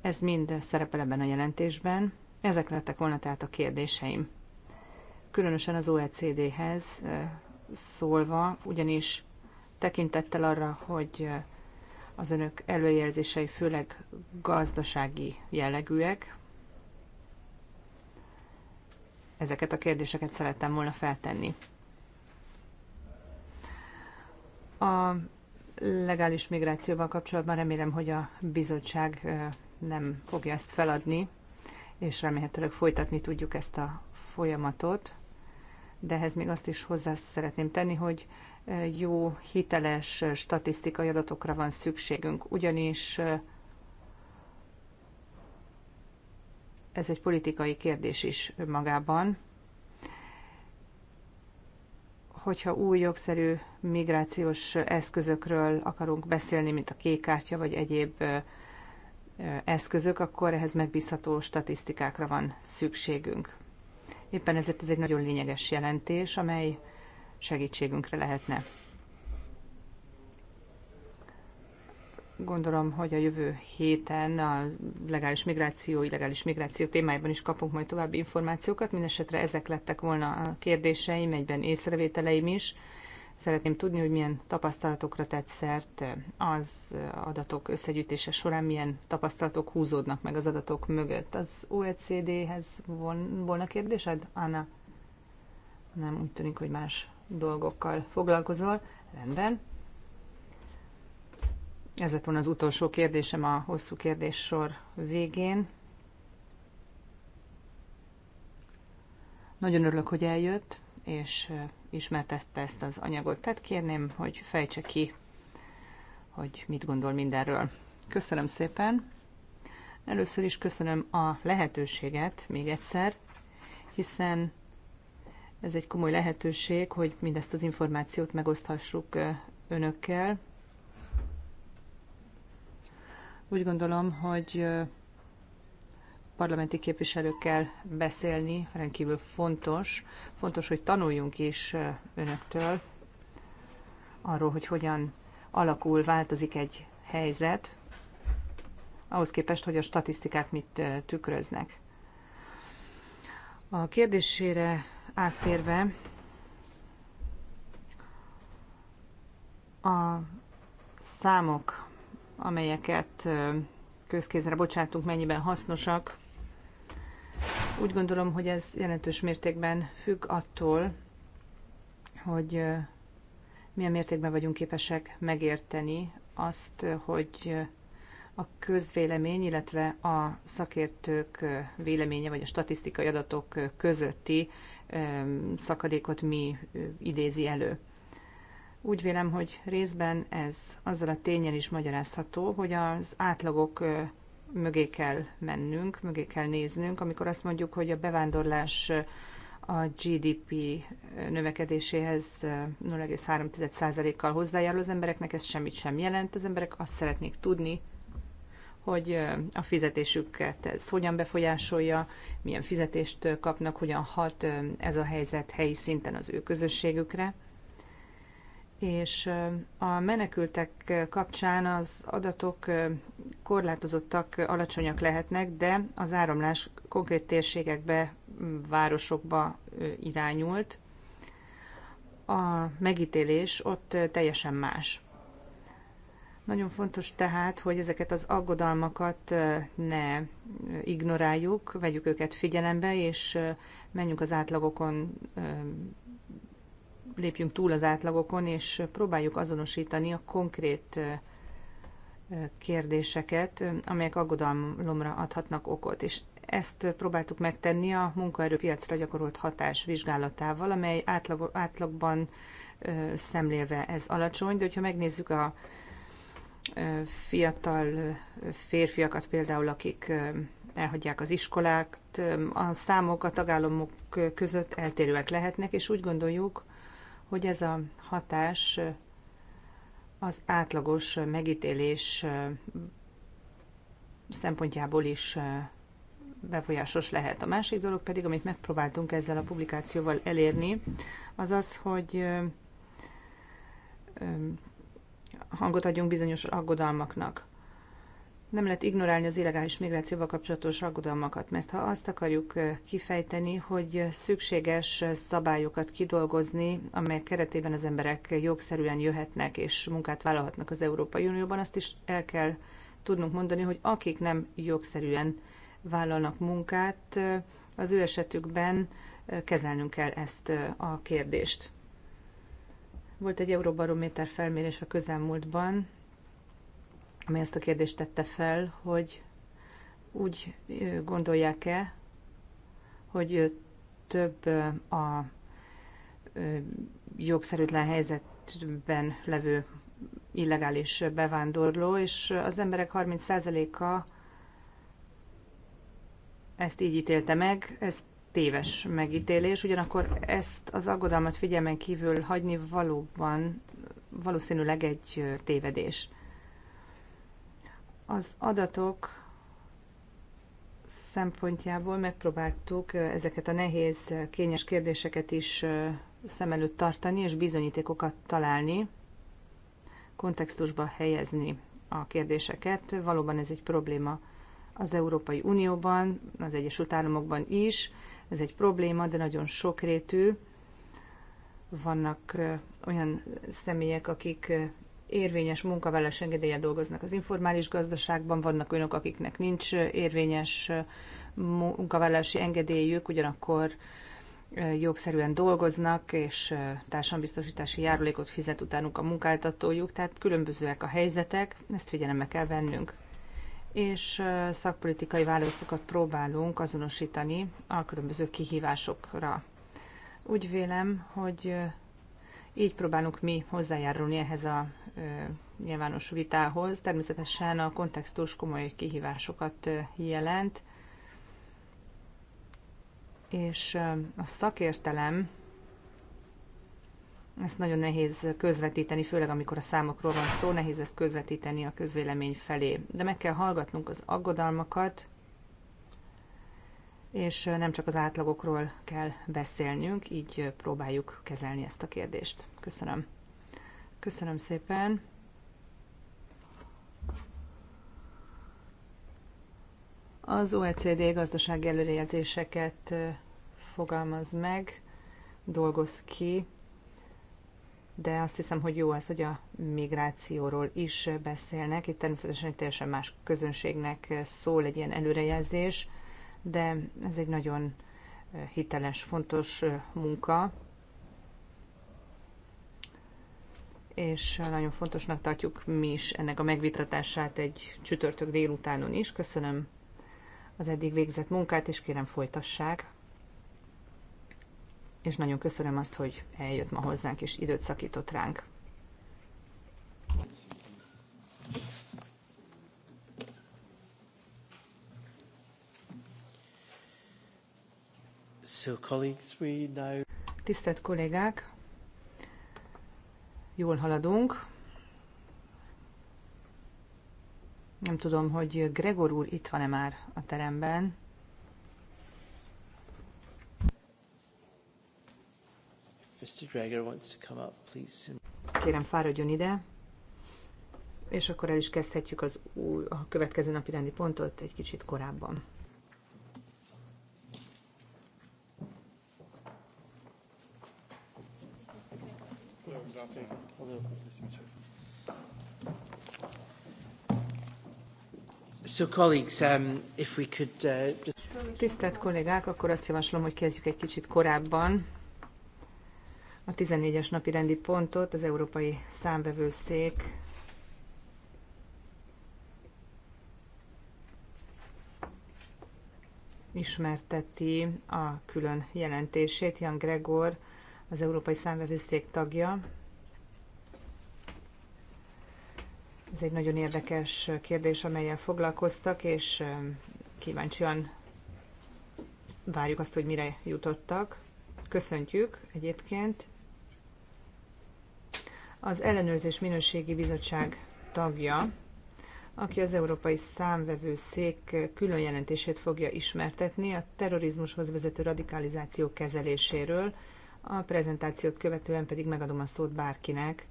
Ez mind szerepel ebben a jelentésben. Ezek lettek volna tehát a kérdéseim különösen az OECD-hez szólva, ugyanis tekintettel arra, hogy az önök előjelzései főleg gazdasági jellegűek, ezeket a kérdéseket szerettem volna feltenni. A legális migrációval kapcsolatban remélem, hogy a bizottság nem fogja ezt feladni, és remélhetőleg folytatni tudjuk ezt a folyamatot de ehhez még azt is hozzá szeretném tenni, hogy eh, jó, hiteles eh, statisztikai adatokra van szükségünk, ugyanis eh, ez egy politikai kérdés is önmagában. Hogyha új jogszerű migrációs eszközökről akarunk beszélni, mint a kékkártya vagy egyéb eszközök, akkor ehhez megbízható statisztikákra van szükségünk. Éppen ezért ez egy nagyon lényeges jelentés, amely segítségünkre lehetne. Gondolom, hogy a jövő héten a legális migráció, illegális migráció témájában is kapunk majd további információkat. Mindenesetre ezek lettek volna a kérdéseim, egyben észrevételeim is. Szeretném tudni, hogy milyen tapasztalatokra tett szert az adatok összegyűjtése során, milyen tapasztalatok húzódnak meg az adatok mögött. Az OECD-hez volna kérdésed, Anna? Nem úgy tűnik, hogy más dolgokkal foglalkozol. Rendben. Ez lett volna az utolsó kérdésem a hosszú kérdéssor végén. Nagyon örülök, hogy eljött, és ismertette ezt az anyagot. Tehát kérném, hogy fejtse ki, hogy mit gondol mindenről. Köszönöm szépen. Először is köszönöm a lehetőséget még egyszer, hiszen ez egy komoly lehetőség, hogy mindezt az információt megoszthassuk önökkel. Úgy gondolom, hogy parlamenti képviselőkkel beszélni, rendkívül fontos. Fontos, hogy tanuljunk is önöktől arról, hogy hogyan alakul, változik egy helyzet, ahhoz képest, hogy a statisztikák mit tükröznek. A kérdésére áttérve, a számok, amelyeket közkézre bocsátunk, mennyiben hasznosak, úgy gondolom, hogy ez jelentős mértékben függ attól, hogy milyen mértékben vagyunk képesek megérteni azt, hogy a közvélemény, illetve a szakértők véleménye, vagy a statisztikai adatok közötti szakadékot mi idézi elő. Úgy vélem, hogy részben ez azzal a tényen is magyarázható, hogy az átlagok mögé kell mennünk, mögé kell néznünk, amikor azt mondjuk, hogy a bevándorlás a GDP növekedéséhez 0,3%-kal hozzájárul az embereknek, ez semmit sem jelent. Az emberek azt szeretnék tudni, hogy a fizetésüket ez hogyan befolyásolja, milyen fizetést kapnak, hogyan hat ez a helyzet helyi szinten az ő közösségükre és a menekültek kapcsán az adatok korlátozottak, alacsonyak lehetnek, de az áramlás konkrét térségekbe, városokba irányult. A megítélés ott teljesen más. Nagyon fontos tehát, hogy ezeket az aggodalmakat ne ignoráljuk, vegyük őket figyelembe, és menjünk az átlagokon lépjünk túl az átlagokon, és próbáljuk azonosítani a konkrét kérdéseket, amelyek aggodalomra adhatnak okot. És ezt próbáltuk megtenni a munkaerőpiacra gyakorolt hatás vizsgálatával, amely átlag, átlagban szemlélve ez alacsony, de hogyha megnézzük a fiatal férfiakat például, akik elhagyják az iskolát, a számok a tagállamok között eltérőek lehetnek, és úgy gondoljuk, hogy ez a hatás az átlagos megítélés szempontjából is befolyásos lehet. A másik dolog pedig, amit megpróbáltunk ezzel a publikációval elérni, az az, hogy hangot adjunk bizonyos aggodalmaknak nem lehet ignorálni az illegális migrációval kapcsolatos aggodalmakat, mert ha azt akarjuk kifejteni, hogy szükséges szabályokat kidolgozni, amelyek keretében az emberek jogszerűen jöhetnek és munkát vállalhatnak az Európai Unióban, azt is el kell tudnunk mondani, hogy akik nem jogszerűen vállalnak munkát, az ő esetükben kezelnünk kell ezt a kérdést. Volt egy Euróbarométer felmérés a közelmúltban, ami ezt a kérdést tette fel, hogy úgy gondolják-e, hogy több a jogszerűtlen helyzetben levő illegális bevándorló, és az emberek 30%-a ezt így ítélte meg, ez téves megítélés, ugyanakkor ezt az aggodalmat figyelmen kívül hagyni valóban valószínűleg egy tévedés. Az adatok szempontjából megpróbáltuk ezeket a nehéz, kényes kérdéseket is szem előtt tartani, és bizonyítékokat találni, kontextusba helyezni a kérdéseket. Valóban ez egy probléma az Európai Unióban, az Egyesült Államokban is. Ez egy probléma, de nagyon sokrétű. Vannak olyan személyek, akik érvényes munkavállalás engedélye dolgoznak az informális gazdaságban, vannak olyanok, akiknek nincs érvényes munkavállalási engedélyük, ugyanakkor jogszerűen dolgoznak, és társadalombiztosítási járulékot fizet utánuk a munkáltatójuk, tehát különbözőek a helyzetek, ezt figyelembe kell vennünk. És szakpolitikai válaszokat próbálunk azonosítani a különböző kihívásokra. Úgy vélem, hogy így próbálunk mi hozzájárulni ehhez a nyilvános vitához. Természetesen a kontextus komoly kihívásokat jelent, és a szakértelem ezt nagyon nehéz közvetíteni, főleg amikor a számokról van szó, nehéz ezt közvetíteni a közvélemény felé. De meg kell hallgatnunk az aggodalmakat, és nem csak az átlagokról kell beszélnünk, így próbáljuk kezelni ezt a kérdést. Köszönöm. Köszönöm szépen. Az OECD gazdasági előrejelzéseket fogalmaz meg, dolgoz ki, de azt hiszem, hogy jó az, hogy a migrációról is beszélnek. Itt természetesen egy teljesen más közönségnek szól egy ilyen előrejelzés, de ez egy nagyon hiteles, fontos munka, és nagyon fontosnak tartjuk mi is ennek a megvitatását egy csütörtök délutánon is. Köszönöm az eddig végzett munkát, és kérem folytassák. És nagyon köszönöm azt, hogy eljött ma hozzánk, és időt szakított ránk. So colleagues, we now... Tisztelt kollégák, jól haladunk. Nem tudom, hogy Gregor úr itt van-e már a teremben. Mr. Gregor wants to come up, please. Kérem, fáradjon ide. És akkor el is kezdhetjük az új, a következő napi rendi pontot egy kicsit korábban. So colleagues, um, if we could, uh... Tisztelt kollégák, akkor azt javaslom, hogy kezdjük egy kicsit korábban a 14-es napi rendi pontot, az Európai Számbevőszék ismerteti a külön jelentését. Jan Gregor, az Európai Számbevőszék tagja, Ez egy nagyon érdekes kérdés, amelyel foglalkoztak, és um, kíváncsian várjuk azt, hogy mire jutottak. Köszöntjük egyébként. Az Ellenőrzés Minőségi Bizottság tagja, aki az Európai Számvevőszék külön jelentését fogja ismertetni a terrorizmushoz vezető radikalizáció kezeléséről. A prezentációt követően pedig megadom a szót bárkinek,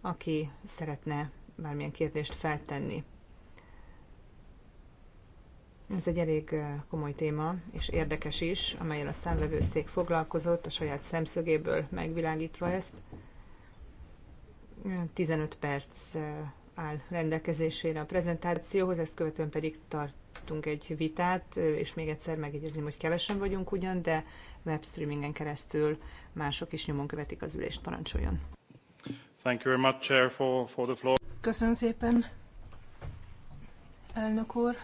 aki szeretne bármilyen kérdést feltenni. Ez egy elég komoly téma, és érdekes is, amelyen a számvevőszék foglalkozott, a saját szemszögéből megvilágítva ezt. 15 perc áll rendelkezésére a prezentációhoz, ezt követően pedig tartunk egy vitát, és még egyszer megjegyezném, hogy kevesen vagyunk ugyan, de webstreamingen keresztül mások is nyomon követik az ülést, parancsoljon. Thank you very much, Chair, for, for the floor. Köszönöm szépen, elnök úr.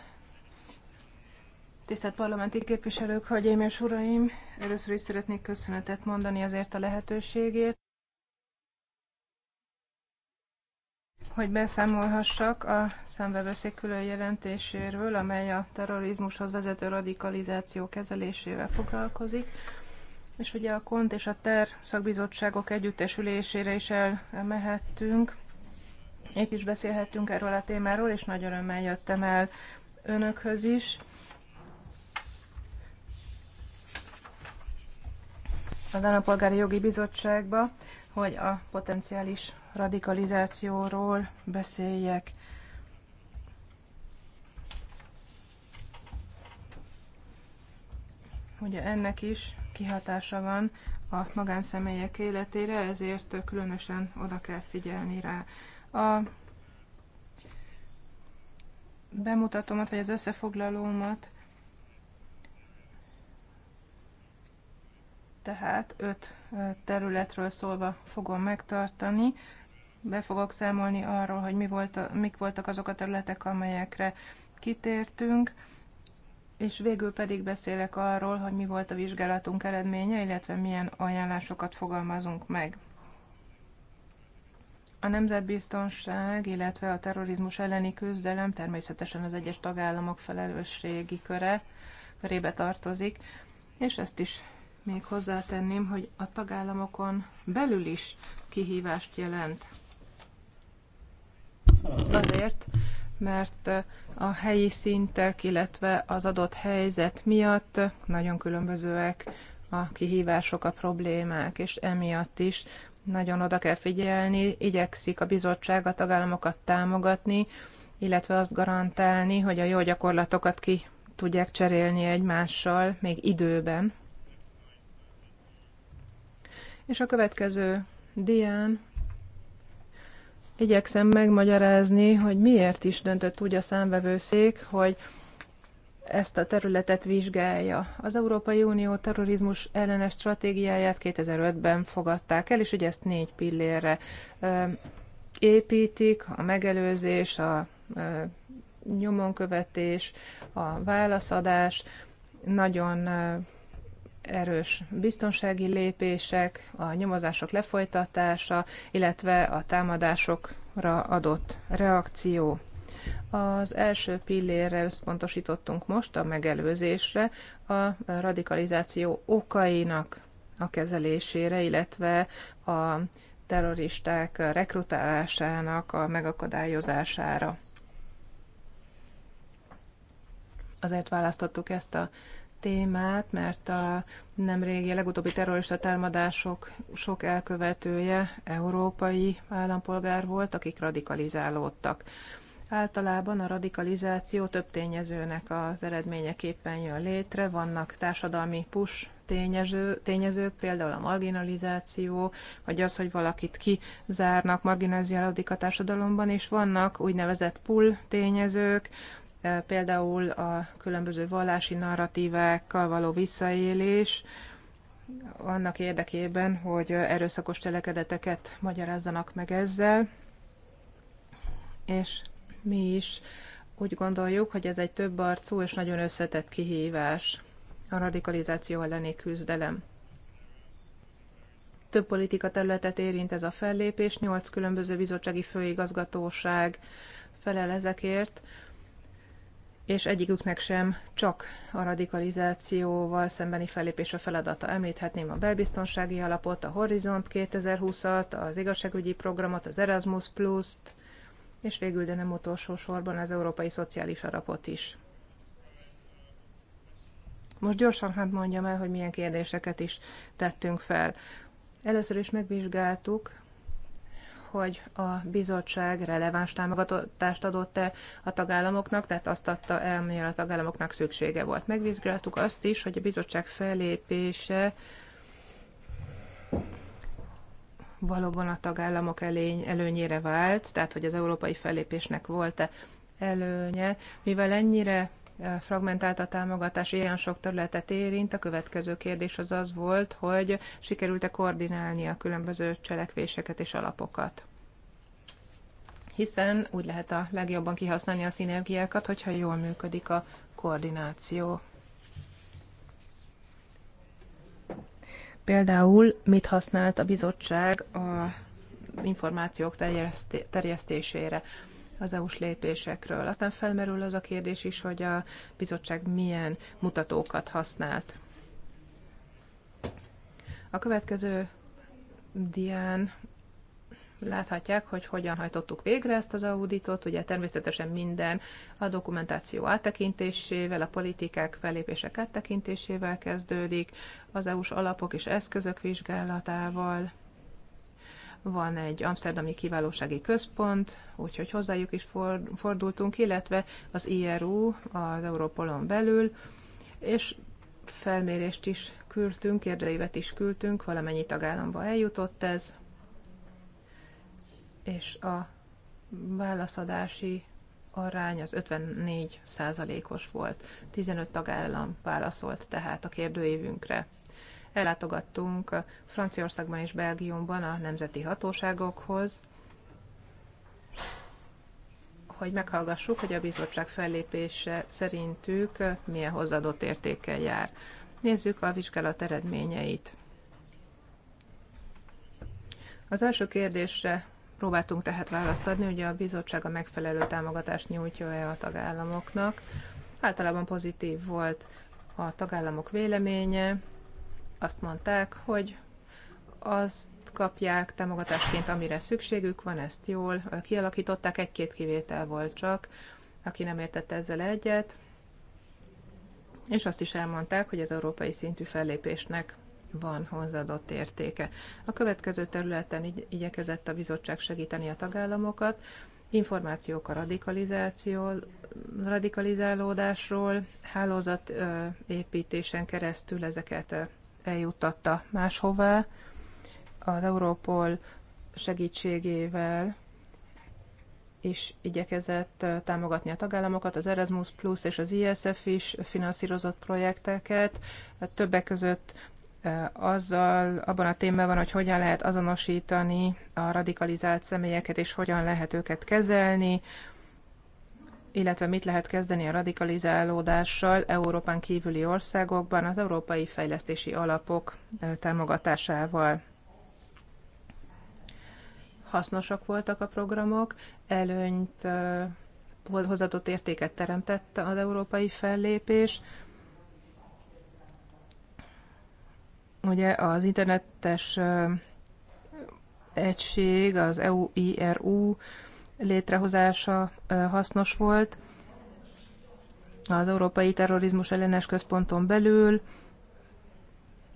Tisztelt parlamenti képviselők, hölgyeim és uraim! Először is szeretnék köszönetet mondani azért a lehetőségért, hogy beszámolhassak a számbeveszék külön jelentéséről, amely a terrorizmushoz vezető radikalizáció kezelésével foglalkozik. És ugye a KONT és a TER szakbizottságok együttesülésére is elmehettünk itt is beszélhettünk erről a témáról, és nagy örömmel jöttem el önökhöz is. Az Állampolgári Jogi Bizottságba, hogy a potenciális radikalizációról beszéljek. Ugye ennek is kihatása van a magánszemélyek életére, ezért különösen oda kell figyelni rá. A bemutatómat, vagy az összefoglalómat tehát öt területről szólva fogom megtartani. Be fogok számolni arról, hogy mi volt a, mik voltak azok a területek, amelyekre kitértünk, és végül pedig beszélek arról, hogy mi volt a vizsgálatunk eredménye, illetve milyen ajánlásokat fogalmazunk meg. A nemzetbiztonság, illetve a terrorizmus elleni küzdelem természetesen az egyes tagállamok felelősségi köre, körébe tartozik, és ezt is még hozzátenném, hogy a tagállamokon belül is kihívást jelent. Azért, mert a helyi szintek, illetve az adott helyzet miatt nagyon különbözőek a kihívások, a problémák, és emiatt is nagyon oda kell figyelni, igyekszik a bizottság a tagállamokat támogatni, illetve azt garantálni, hogy a jó gyakorlatokat ki tudják cserélni egymással még időben. És a következő dián igyekszem megmagyarázni, hogy miért is döntött úgy a számvevőszék, hogy ezt a területet vizsgálja. Az Európai Unió terrorizmus ellenes stratégiáját 2005-ben fogadták el, és ugye ezt négy pillérre építik, a megelőzés, a nyomonkövetés, a válaszadás, nagyon erős biztonsági lépések, a nyomozások lefolytatása, illetve a támadásokra adott reakció. Az első pillérre összpontosítottunk most, a megelőzésre, a radikalizáció okainak a kezelésére, illetve a terroristák rekrutálásának a megakadályozására. Azért választottuk ezt a témát, mert a nemrégi legutóbbi terrorista támadások sok elkövetője európai állampolgár volt, akik radikalizálódtak. Általában a radikalizáció több tényezőnek az eredményeképpen jön létre, vannak társadalmi push tényező, tényezők, például a marginalizáció, vagy az, hogy valakit kizárnak, marginalizálódik a társadalomban, és vannak úgynevezett pull tényezők, e, például a különböző vallási narratívákkal való visszaélés, annak érdekében, hogy erőszakos cselekedeteket magyarázzanak meg ezzel, és mi is úgy gondoljuk, hogy ez egy több arcú és nagyon összetett kihívás a radikalizáció elleni küzdelem. Több politika területet érint ez a fellépés, nyolc különböző bizottsági főigazgatóság felel ezekért, és egyiküknek sem csak a radikalizációval szembeni fellépés a feladata. Említhetném a belbiztonsági alapot, a Horizont 2020-at, az igazságügyi programot, az Erasmus Plus-t, és végül, de nem utolsó sorban az Európai Szociális Alapot is. Most gyorsan hát mondjam el, hogy milyen kérdéseket is tettünk fel. Először is megvizsgáltuk, hogy a bizottság releváns támogatást adott-e a tagállamoknak, tehát azt adta el, amilyen a tagállamoknak szüksége volt. Megvizsgáltuk azt is, hogy a bizottság fellépése valóban a tagállamok elény, előnyére vált, tehát hogy az európai fellépésnek volt-e előnye, mivel ennyire eh, fragmentált a támogatás, ilyen sok területet érint, a következő kérdés az az volt, hogy sikerült-e koordinálni a különböző cselekvéseket és alapokat hiszen úgy lehet a legjobban kihasználni a szinergiákat, hogyha jól működik a koordináció. Például mit használt a bizottság a információk terjesztésére az EU-s lépésekről. Aztán felmerül az a kérdés is, hogy a bizottság milyen mutatókat használt. A következő dián láthatják, hogy hogyan hajtottuk végre ezt az auditot. Ugye természetesen minden a dokumentáció áttekintésével, a politikák felépések áttekintésével kezdődik, az EU-s alapok és eszközök vizsgálatával, van egy amsterdami kiválósági központ, úgyhogy hozzájuk is fordultunk, illetve az IRU az Európolon belül, és felmérést is küldtünk, kérdőívet is küldtünk, valamennyi tagállamba eljutott ez, és a válaszadási arány az 54 százalékos volt. 15 tagállam válaszolt tehát a kérdőívünkre. Ellátogattunk Franciaországban és Belgiumban a nemzeti hatóságokhoz, hogy meghallgassuk, hogy a bizottság fellépése szerintük milyen hozzáadott értékkel jár. Nézzük a vizsgálat eredményeit. Az első kérdésre Próbáltunk tehát választ adni, hogy a bizottság a megfelelő támogatást nyújtja-e a tagállamoknak. Általában pozitív volt a tagállamok véleménye. Azt mondták, hogy azt kapják támogatásként, amire szükségük van, ezt jól kialakították, egy-két kivétel volt csak, aki nem értette ezzel egyet, és azt is elmondták, hogy az európai szintű fellépésnek van hozzáadott értéke. A következő területen igy- igyekezett a bizottság segíteni a tagállamokat, információk a radikalizáció, radikalizálódásról, hálózatépítésen keresztül ezeket eljuttatta máshová. Az Európol segítségével is igyekezett támogatni a tagállamokat, az Erasmus Plus és az ISF is finanszírozott projekteket, többek között azzal, abban a témában, hogy hogyan lehet azonosítani a radikalizált személyeket, és hogyan lehet őket kezelni, illetve mit lehet kezdeni a radikalizálódással Európán kívüli országokban az európai fejlesztési alapok támogatásával. Hasznosak voltak a programok, előnyt, hozatott értéket teremtett az európai fellépés, Ugye az internetes egység, az EU-IRU létrehozása hasznos volt az Európai Terrorizmus ellenes központon belül,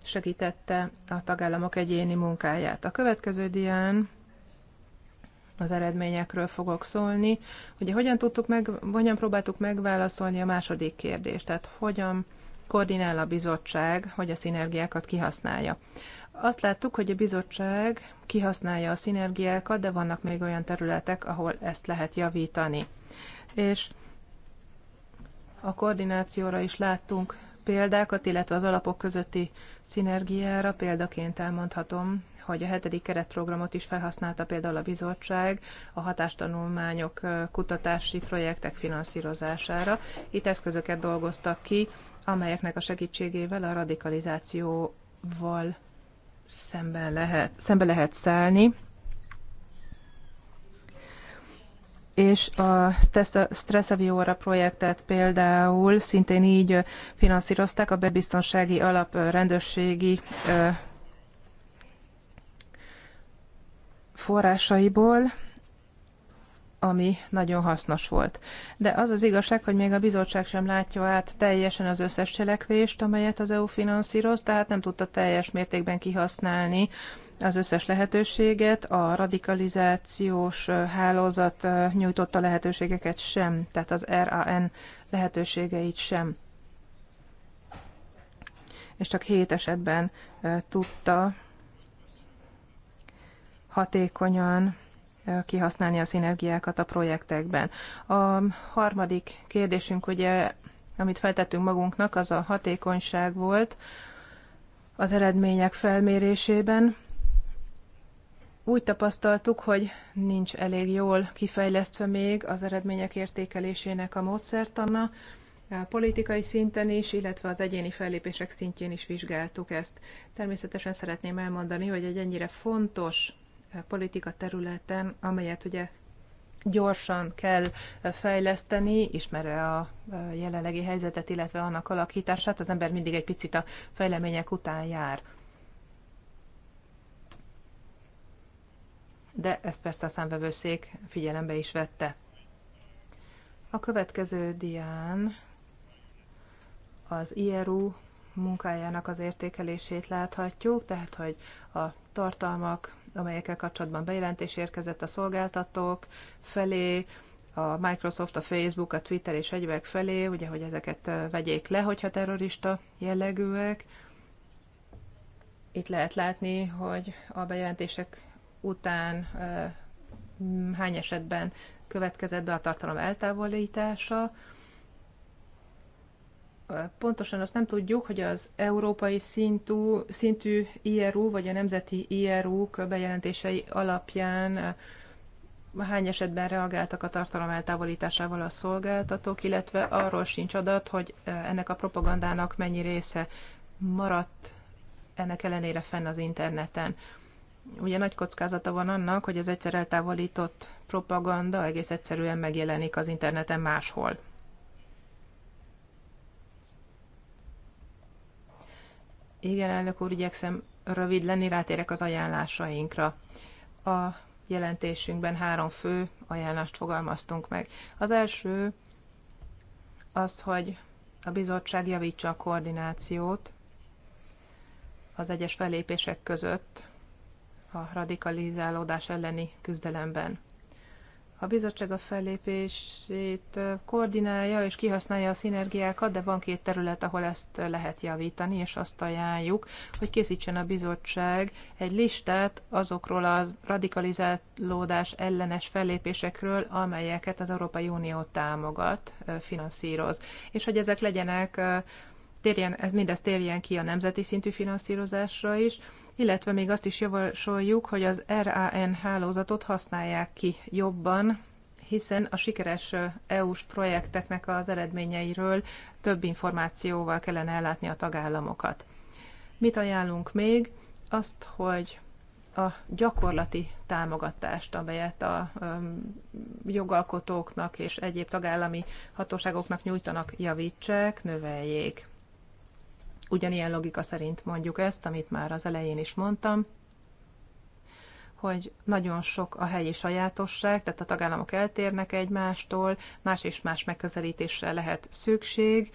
segítette a tagállamok egyéni munkáját. A következő dián az eredményekről fogok szólni. Ugye hogyan tudtuk meg, hogyan próbáltuk megválaszolni a második kérdést, tehát hogyan koordinál a bizottság, hogy a szinergiákat kihasználja. Azt láttuk, hogy a bizottság kihasználja a szinergiákat, de vannak még olyan területek, ahol ezt lehet javítani. És a koordinációra is láttunk példákat, illetve az alapok közötti szinergiára példaként elmondhatom, hogy a hetedik keretprogramot is felhasználta például a bizottság a hatástanulmányok kutatási projektek finanszírozására. Itt eszközöket dolgoztak ki amelyeknek a segítségével a radikalizációval szemben lehet, szembe lehet szállni. és a Stressaviora projektet például szintén így finanszírozták a bebiztonsági alap rendőrségi forrásaiból, ami nagyon hasznos volt. De az az igazság, hogy még a bizottság sem látja át teljesen az összes cselekvést, amelyet az EU finanszíroz, tehát nem tudta teljes mértékben kihasználni az összes lehetőséget, a radikalizációs hálózat nyújtotta lehetőségeket sem, tehát az RAN lehetőségeit sem. És csak hét esetben tudta hatékonyan kihasználni a szinergiákat a projektekben. A harmadik kérdésünk, ugye, amit feltettünk magunknak, az a hatékonyság volt az eredmények felmérésében. Úgy tapasztaltuk, hogy nincs elég jól kifejlesztve még az eredmények értékelésének a módszertana, a politikai szinten is, illetve az egyéni fellépések szintjén is vizsgáltuk ezt. Természetesen szeretném elmondani, hogy egy ennyire fontos politika területen, amelyet ugye gyorsan kell fejleszteni, ismerve a jelenlegi helyzetet, illetve annak alakítását, az ember mindig egy picit a fejlemények után jár. De ezt persze a számvevőszék figyelembe is vette. A következő dián az IRU munkájának az értékelését láthatjuk, tehát hogy a tartalmak amelyekkel kapcsolatban bejelentés érkezett a szolgáltatók felé, a Microsoft, a Facebook, a Twitter és egyebek felé, ugye, hogy ezeket vegyék le, hogyha terrorista jellegűek. Itt lehet látni, hogy a bejelentések után hány esetben következett be a tartalom eltávolítása, Pontosan azt nem tudjuk, hogy az európai szintű, szintű IRU vagy a nemzeti IRU-k bejelentései alapján eh, hány esetben reagáltak a tartalom eltávolításával a szolgáltatók, illetve arról sincs adat, hogy eh, ennek a propagandának mennyi része maradt ennek ellenére fenn az interneten. Ugye nagy kockázata van annak, hogy az egyszer eltávolított propaganda egész egyszerűen megjelenik az interneten máshol. Igen, elnök úr, igyekszem rövid lenni, rátérek az ajánlásainkra. A jelentésünkben három fő ajánlást fogalmaztunk meg. Az első az, hogy a bizottság javítsa a koordinációt az egyes fellépések között a radikalizálódás elleni küzdelemben a bizottság a fellépését koordinálja és kihasználja a szinergiákat, de van két terület, ahol ezt lehet javítani, és azt ajánljuk, hogy készítsen a bizottság egy listát azokról a radikalizálódás ellenes fellépésekről, amelyeket az Európai Unió támogat, finanszíroz, és hogy ezek legyenek térjen, ez mindez térjen ki a nemzeti szintű finanszírozásra is, illetve még azt is javasoljuk, hogy az RAN hálózatot használják ki jobban, hiszen a sikeres EU-s projekteknek az eredményeiről több információval kellene ellátni a tagállamokat. Mit ajánlunk még? Azt, hogy a gyakorlati támogatást, amelyet a jogalkotóknak és egyéb tagállami hatóságoknak nyújtanak, javítsák, növeljék ugyanilyen logika szerint mondjuk ezt, amit már az elején is mondtam, hogy nagyon sok a helyi sajátosság, tehát a tagállamok eltérnek egymástól, más és más megközelítésre lehet szükség,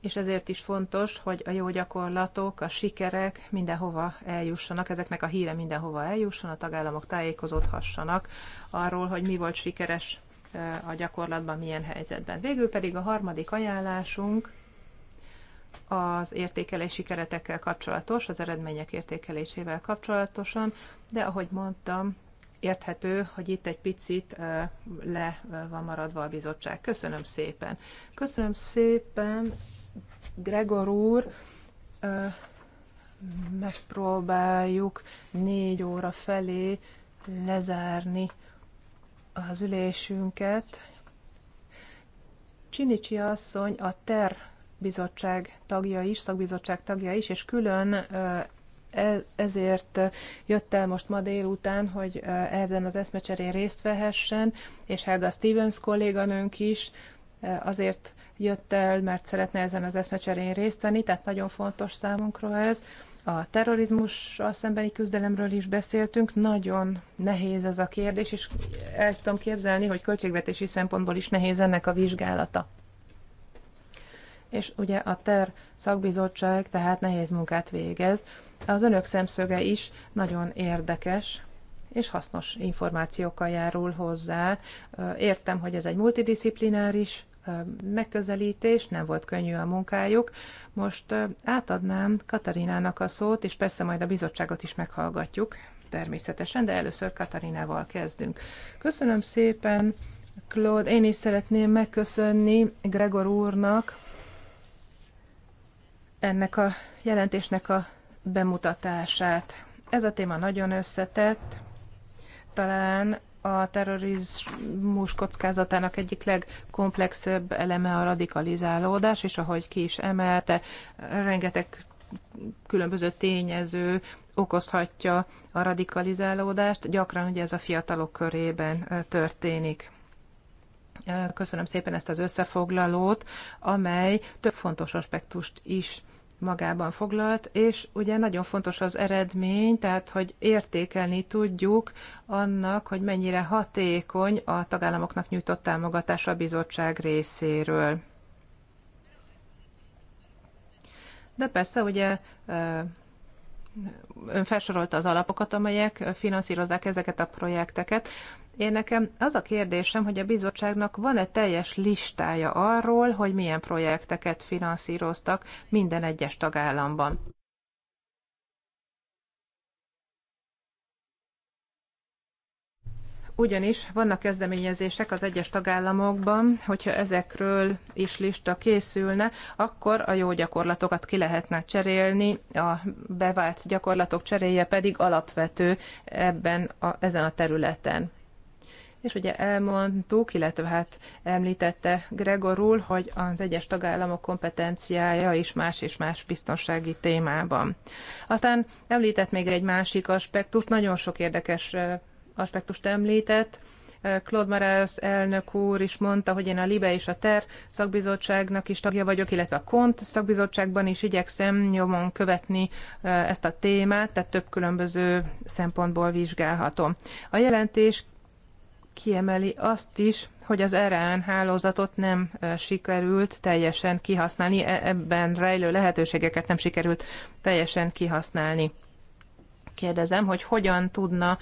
és ezért is fontos, hogy a jó gyakorlatok, a sikerek mindenhova eljussanak, ezeknek a híre mindenhova eljusson, a tagállamok tájékozódhassanak arról, hogy mi volt sikeres a gyakorlatban, milyen helyzetben. Végül pedig a harmadik ajánlásunk az értékelési keretekkel kapcsolatos, az eredmények értékelésével kapcsolatosan, de ahogy mondtam, érthető, hogy itt egy picit le van maradva a bizottság. Köszönöm szépen. Köszönöm szépen, Gregor úr. Megpróbáljuk négy óra felé lezárni az ülésünket. Csinicsi asszony a TER bizottság tagja is, szakbizottság tagja is, és külön e, ezért jött el most ma délután, hogy ezen az eszmecserén részt vehessen, és Helga Stevens kolléganőnk is azért jött el, mert szeretne ezen az eszmecserén részt venni, tehát nagyon fontos számunkra ez. A terrorizmussal szembeni küzdelemről is beszéltünk, nagyon nehéz ez a kérdés, és el tudom képzelni, hogy költségvetési szempontból is nehéz ennek a vizsgálata és ugye a TER szakbizottság tehát nehéz munkát végez. Az önök szemszöge is nagyon érdekes, és hasznos információkkal járul hozzá. Értem, hogy ez egy multidisziplináris megközelítés, nem volt könnyű a munkájuk. Most átadnám Katarinának a szót, és persze majd a bizottságot is meghallgatjuk természetesen, de először Katarinával kezdünk. Köszönöm szépen, Claude, én is szeretném megköszönni Gregor úrnak, ennek a jelentésnek a bemutatását. Ez a téma nagyon összetett, talán a terrorizmus kockázatának egyik legkomplexebb eleme a radikalizálódás, és ahogy ki is emelte, rengeteg különböző tényező okozhatja a radikalizálódást, gyakran ugye ez a fiatalok körében történik. Köszönöm szépen ezt az összefoglalót, amely több fontos aspektust is magában foglalt, és ugye nagyon fontos az eredmény, tehát hogy értékelni tudjuk annak, hogy mennyire hatékony a tagállamoknak nyújtott támogatás a bizottság részéről. De persze ugye ön felsorolta az alapokat, amelyek finanszírozzák ezeket a projekteket. Én nekem az a kérdésem, hogy a bizottságnak van-e teljes listája arról, hogy milyen projekteket finanszíroztak minden egyes tagállamban. Ugyanis vannak kezdeményezések az egyes tagállamokban, hogyha ezekről is lista készülne, akkor a jó gyakorlatokat ki lehetne cserélni, a bevált gyakorlatok cseréje pedig alapvető ebben a, ezen a területen. És ugye elmondtuk, illetve hát említette Gregorul, hogy az egyes tagállamok kompetenciája is más és más biztonsági témában. Aztán említett még egy másik aspektust, nagyon sok érdekes aspektust említett, Claude Marais elnök úr is mondta, hogy én a LIBE és a TER szakbizottságnak is tagja vagyok, illetve a KONT szakbizottságban is igyekszem nyomon követni ezt a témát, tehát több különböző szempontból vizsgálhatom. A jelentés kiemeli azt is, hogy az RN e hálózatot nem sikerült teljesen kihasználni, e, ebben rejlő lehetőségeket nem sikerült teljesen kihasználni. Kérdezem, hogy hogyan tudna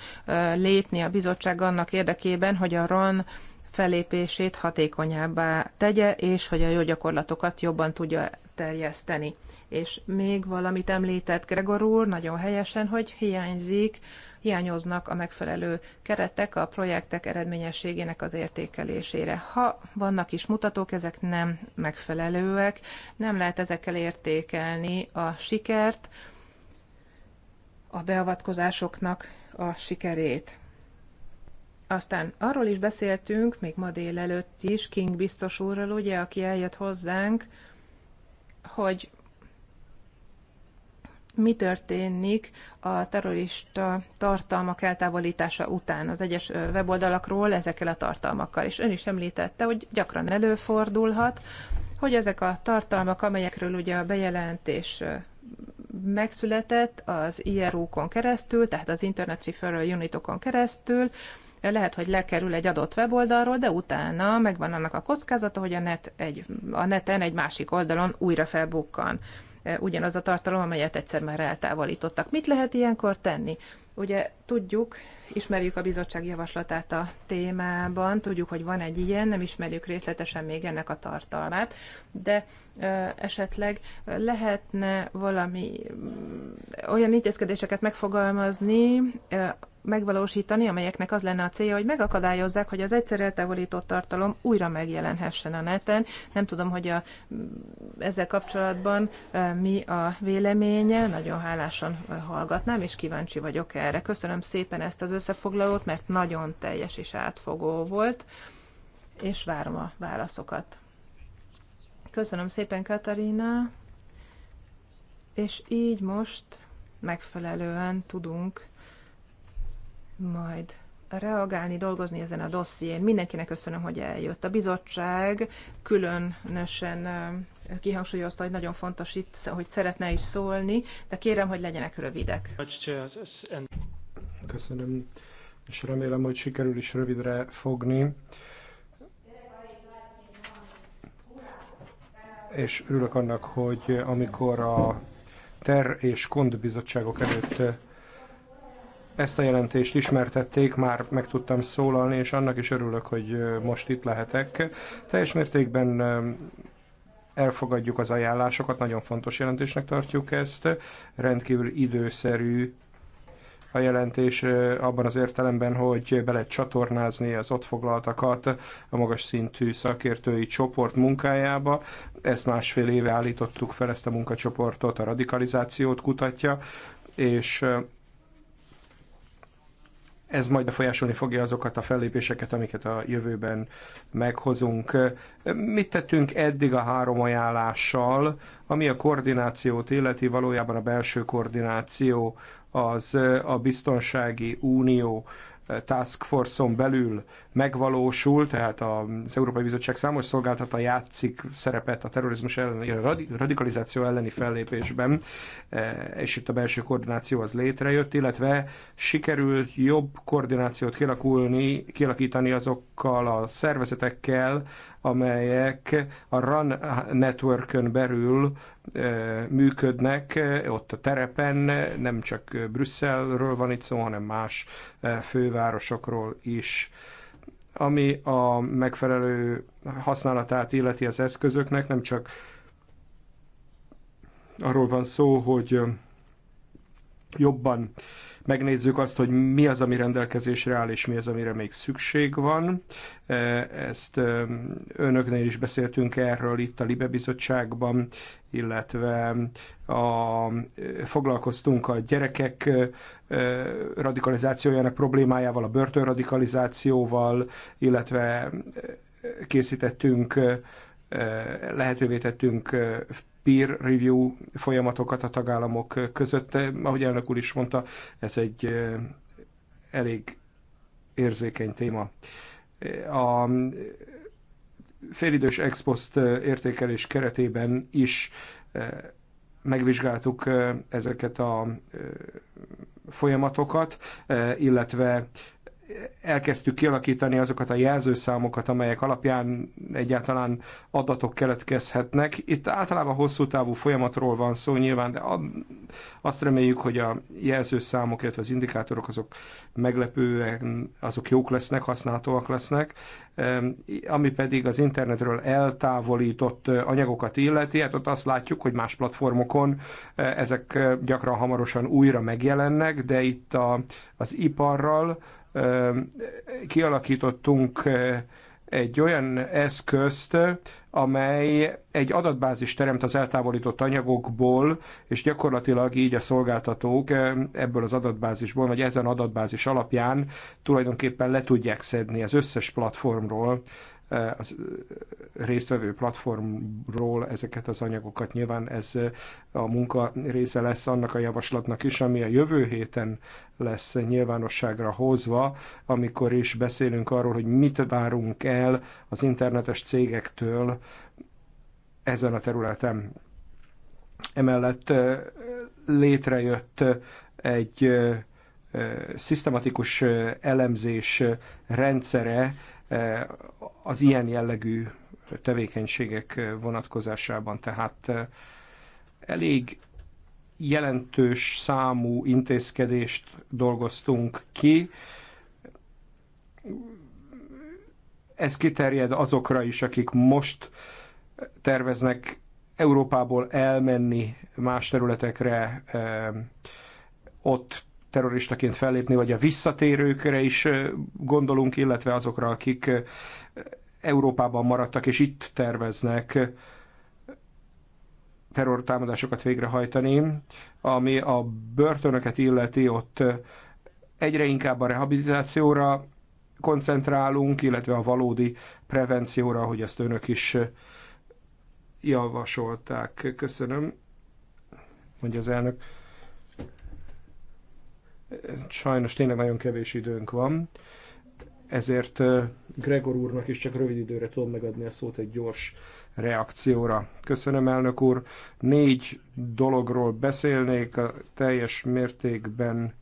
lépni a bizottság annak érdekében, hogy a RAN felépését hatékonyabbá tegye, és hogy a jó gyakorlatokat jobban tudja terjeszteni. És még valamit említett Gregor úr nagyon helyesen, hogy hiányzik hiányoznak a megfelelő keretek a projektek eredményességének az értékelésére. Ha vannak is mutatók, ezek nem megfelelőek, nem lehet ezekkel értékelni a sikert, a beavatkozásoknak a sikerét. Aztán arról is beszéltünk, még ma délelőtt is, King biztos úrral, ugye, aki eljött hozzánk, hogy mi történik a terrorista tartalmak eltávolítása után az egyes weboldalakról ezekkel a tartalmakkal. És ön is említette, hogy gyakran előfordulhat, hogy ezek a tartalmak, amelyekről ugye a bejelentés megszületett az IRU-kon er keresztül, tehát az Internet Referral Unitokon keresztül, lehet, hogy lekerül egy adott weboldalról, de utána megvan annak a kockázata, hogy a, net egy, a neten egy másik oldalon újra felbukkan ugyanaz a tartalom, amelyet egyszer már eltávolítottak. Mit lehet ilyenkor tenni? Ugye tudjuk, ismerjük a bizottság javaslatát a témában, tudjuk, hogy van egy ilyen, nem ismerjük részletesen még ennek a tartalmát, de ö, esetleg lehetne valami olyan intézkedéseket megfogalmazni, ö, megvalósítani, amelyeknek az lenne a célja, hogy megakadályozzák, hogy az egyszer eltávolított tartalom újra megjelenhessen a neten. Nem tudom, hogy a, mm, ezzel kapcsolatban e, mi a véleménye, nagyon hálásan e, hallgatnám, és kíváncsi vagyok erre. Köszönöm szépen ezt az összefoglalót, mert nagyon teljes és átfogó volt, és várom a válaszokat. Köszönöm szépen, Katarina, és így most megfelelően tudunk majd reagálni, dolgozni ezen a dosszién. Mindenkinek köszönöm, hogy eljött. A bizottság különösen kihangsúlyozta, hogy nagyon fontos itt, hogy szeretne is szólni, de kérem, hogy legyenek rövidek. Köszönöm, és remélem, hogy sikerül is rövidre fogni. És örülök annak, hogy amikor a TER és KOND bizottságok előtt ezt a jelentést ismertették, már meg tudtam szólalni, és annak is örülök, hogy most itt lehetek. Teljes mértékben elfogadjuk az ajánlásokat, nagyon fontos jelentésnek tartjuk ezt, rendkívül időszerű a jelentés abban az értelemben, hogy be lehet csatornázni az ott foglaltakat a magas szintű szakértői csoport munkájába. Ezt másfél éve állítottuk fel, ezt a munkacsoportot, a radikalizációt kutatja, és ez majd befolyásolni fogja azokat a fellépéseket, amiket a jövőben meghozunk. Mit tettünk eddig a három ajánlással, ami a koordinációt illeti, valójában a belső koordináció, az a biztonsági unió, Task Force-on belül megvalósul, tehát az Európai Bizottság számos szolgáltata játszik szerepet a terrorizmus elleni, a radikalizáció elleni fellépésben, eh, és itt a belső koordináció az létrejött, illetve sikerült jobb koordinációt kialakulni, kialakítani azokkal a szervezetekkel, amelyek a RAN networkön belül eh, működnek, eh, ott a terepen, nem csak Brüsszelről van itt szó, hanem más eh, fővárosokról is ami a megfelelő használatát illeti az eszközöknek, nem csak arról van szó, hogy jobban megnézzük azt, hogy mi az, ami rendelkezésre áll, és mi az, amire még szükség van. E, ezt önöknél is beszéltünk erről itt a Libe Bizottságban, illetve a, e, foglalkoztunk a gyerekek e, radikalizációjának problémájával, a börtönradikalizációval, illetve készítettünk lehetővé tettünk peer review folyamatokat a tagállamok között. Ahogy elnök úr is mondta, ez egy eh, elég érzékeny téma. Eh, a félidős expost eh, értékelés keretében is megvizsgáltuk ezeket a folyamatokat, illetve elkezdtük kialakítani azokat a jelzőszámokat, amelyek alapján egyáltalán adatok keletkezhetnek. Itt általában hosszú távú folyamatról van szó nyilván, de azt reméljük, hogy a jelzőszámok, illetve az indikátorok azok meglepően, azok jók lesznek, használhatóak lesznek. Ami pedig az internetről eltávolított anyagokat illeti, hát ott azt látjuk, hogy más platformokon ezek gyakran hamarosan újra megjelennek, de itt a, az iparral, kialakítottunk egy olyan eszközt, amely egy adatbázis teremt az eltávolított anyagokból, és gyakorlatilag így a szolgáltatók ebből az adatbázisból, vagy ezen adatbázis alapján tulajdonképpen le tudják szedni az összes platformról az résztvevő platformról ezeket az anyagokat. Nyilván ez a munka része lesz annak a javaslatnak is, ami a jövő héten lesz nyilvánosságra hozva, amikor is beszélünk arról, hogy mit várunk el az internetes cégektől ezen a területen. Emellett létrejött egy szisztematikus elemzés rendszere az ilyen jellegű tevékenységek vonatkozásában. Tehát elég jelentős számú intézkedést dolgoztunk ki. Ez kiterjed azokra is, akik most terveznek Európából elmenni más területekre, ott terroristaként fellépni, vagy a visszatérőkre is gondolunk, illetve azokra, akik Európában maradtak, és itt terveznek terrortámadásokat végrehajtani, ami a börtönöket illeti, ott egyre inkább a rehabilitációra koncentrálunk, illetve a valódi prevencióra, hogy ezt önök is javasolták. Köszönöm, mondja az elnök. Sajnos tényleg nagyon kevés időnk van, ezért Gregor úrnak is csak rövid időre tudom megadni a szót egy gyors reakcióra. Köszönöm, elnök úr. Négy dologról beszélnék a teljes mértékben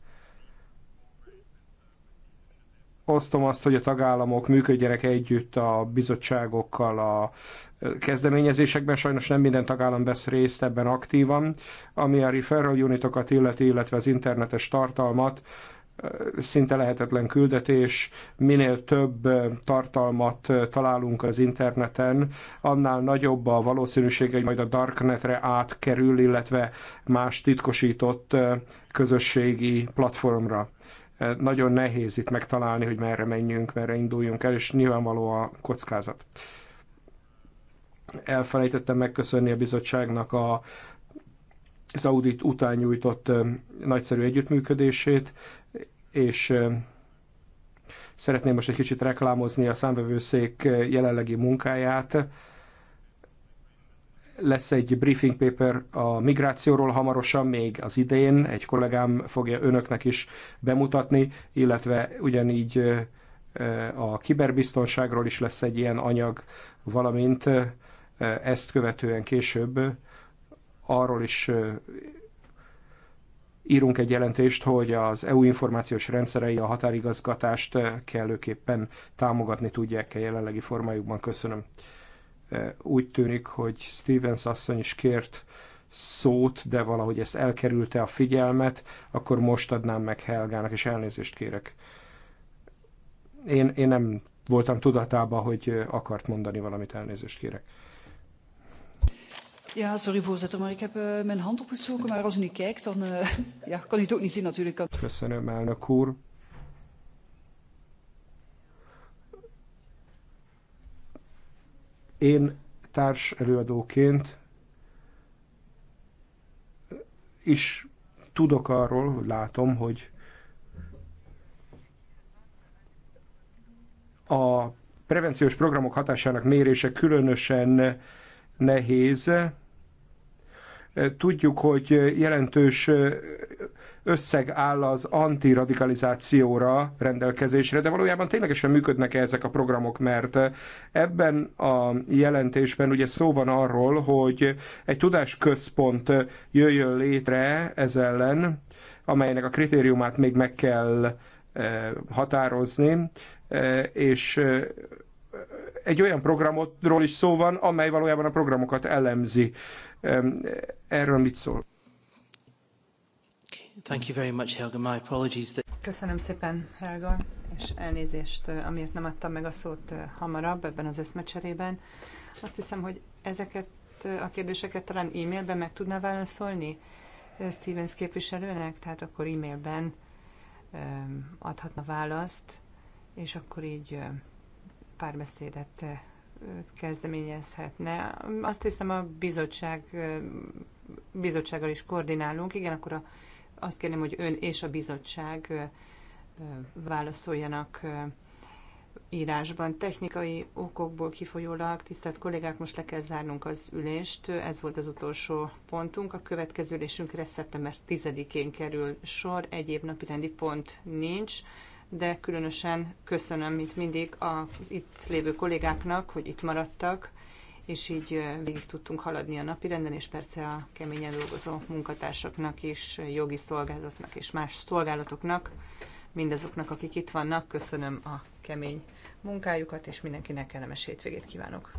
osztom azt, hogy a tagállamok működjenek együtt a bizottságokkal, a kezdeményezésekben, sajnos nem minden tagállam vesz részt ebben aktívan, ami a referral unitokat illeti, illetve az internetes tartalmat, szinte lehetetlen küldetés, minél több tartalmat találunk az interneten, annál nagyobb a valószínűsége, hogy majd a darknetre átkerül, illetve más titkosított közösségi platformra. Nagyon nehéz itt megtalálni, hogy merre menjünk, merre induljunk el, és nyilvánvaló a kockázat elfelejtettem megköszönni a bizottságnak a, az audit után nyújtott nagyszerű együttműködését, és szeretném most egy kicsit reklámozni a számvevőszék jelenlegi munkáját. Lesz egy briefing paper a migrációról hamarosan, még az idén, egy kollégám fogja önöknek is bemutatni, illetve ugyanígy a kiberbiztonságról is lesz egy ilyen anyag, valamint ezt követően később arról is írunk egy jelentést, hogy az EU információs rendszerei a határigazgatást kellőképpen támogatni tudják-e jelenlegi formájukban. Köszönöm. Úgy tűnik, hogy Stevens asszony is kért szót, de valahogy ezt elkerülte a figyelmet, akkor most adnám meg Helgának, és elnézést kérek. Én, én nem voltam tudatában, hogy akart mondani valamit, elnézést kérek. Ja, sorry voorzitter, maar ik heb uh, mijn hand opgestoken. Maar als u nu kijkt, dan uh, ja, kan u het ook niet zien natuurlijk. Köszönöm, elnök úr. Én társ előadóként is tudok arról, hogy látom, hogy a prevenciós programok hatásának mérése különösen nehéz, Tudjuk, hogy jelentős összeg áll az antiradikalizációra rendelkezésre, de valójában ténylegesen működnek -e ezek a programok, mert ebben a jelentésben ugye szó van arról, hogy egy tudásközpont jöjjön létre ez ellen, amelynek a kritériumát még meg kell eh, határozni, eh, és egy olyan programotról is szó van, amely valójában a programokat elemzi. Erről mit szól? Thank you very much, Helga. My apologies that... Köszönöm szépen, Helga, és elnézést, amiért nem adtam meg a szót hamarabb ebben az eszmecserében. Azt hiszem, hogy ezeket a kérdéseket talán e-mailben meg tudná válaszolni Stevens képviselőnek, tehát akkor e-mailben adhatna választ, és akkor így párbeszédet kezdeményezhetne. Azt hiszem a bizottság, bizottsággal is koordinálunk. Igen, akkor a, azt kérném, hogy ön és a bizottság válaszoljanak írásban. Technikai okokból kifolyólag, tisztelt kollégák, most le kell zárnunk az ülést. Ez volt az utolsó pontunk. A következő ülésünkre szeptember 10-én kerül sor. Egyéb napi rendi pont nincs de különösen köszönöm, mint mindig, az itt lévő kollégáknak, hogy itt maradtak, és így végig tudtunk haladni a renden, és persze a keményen dolgozó munkatársaknak is, jogi szolgálatnak és más szolgálatoknak, mindazoknak, akik itt vannak, köszönöm a kemény munkájukat, és mindenkinek kellemes hétvégét kívánok.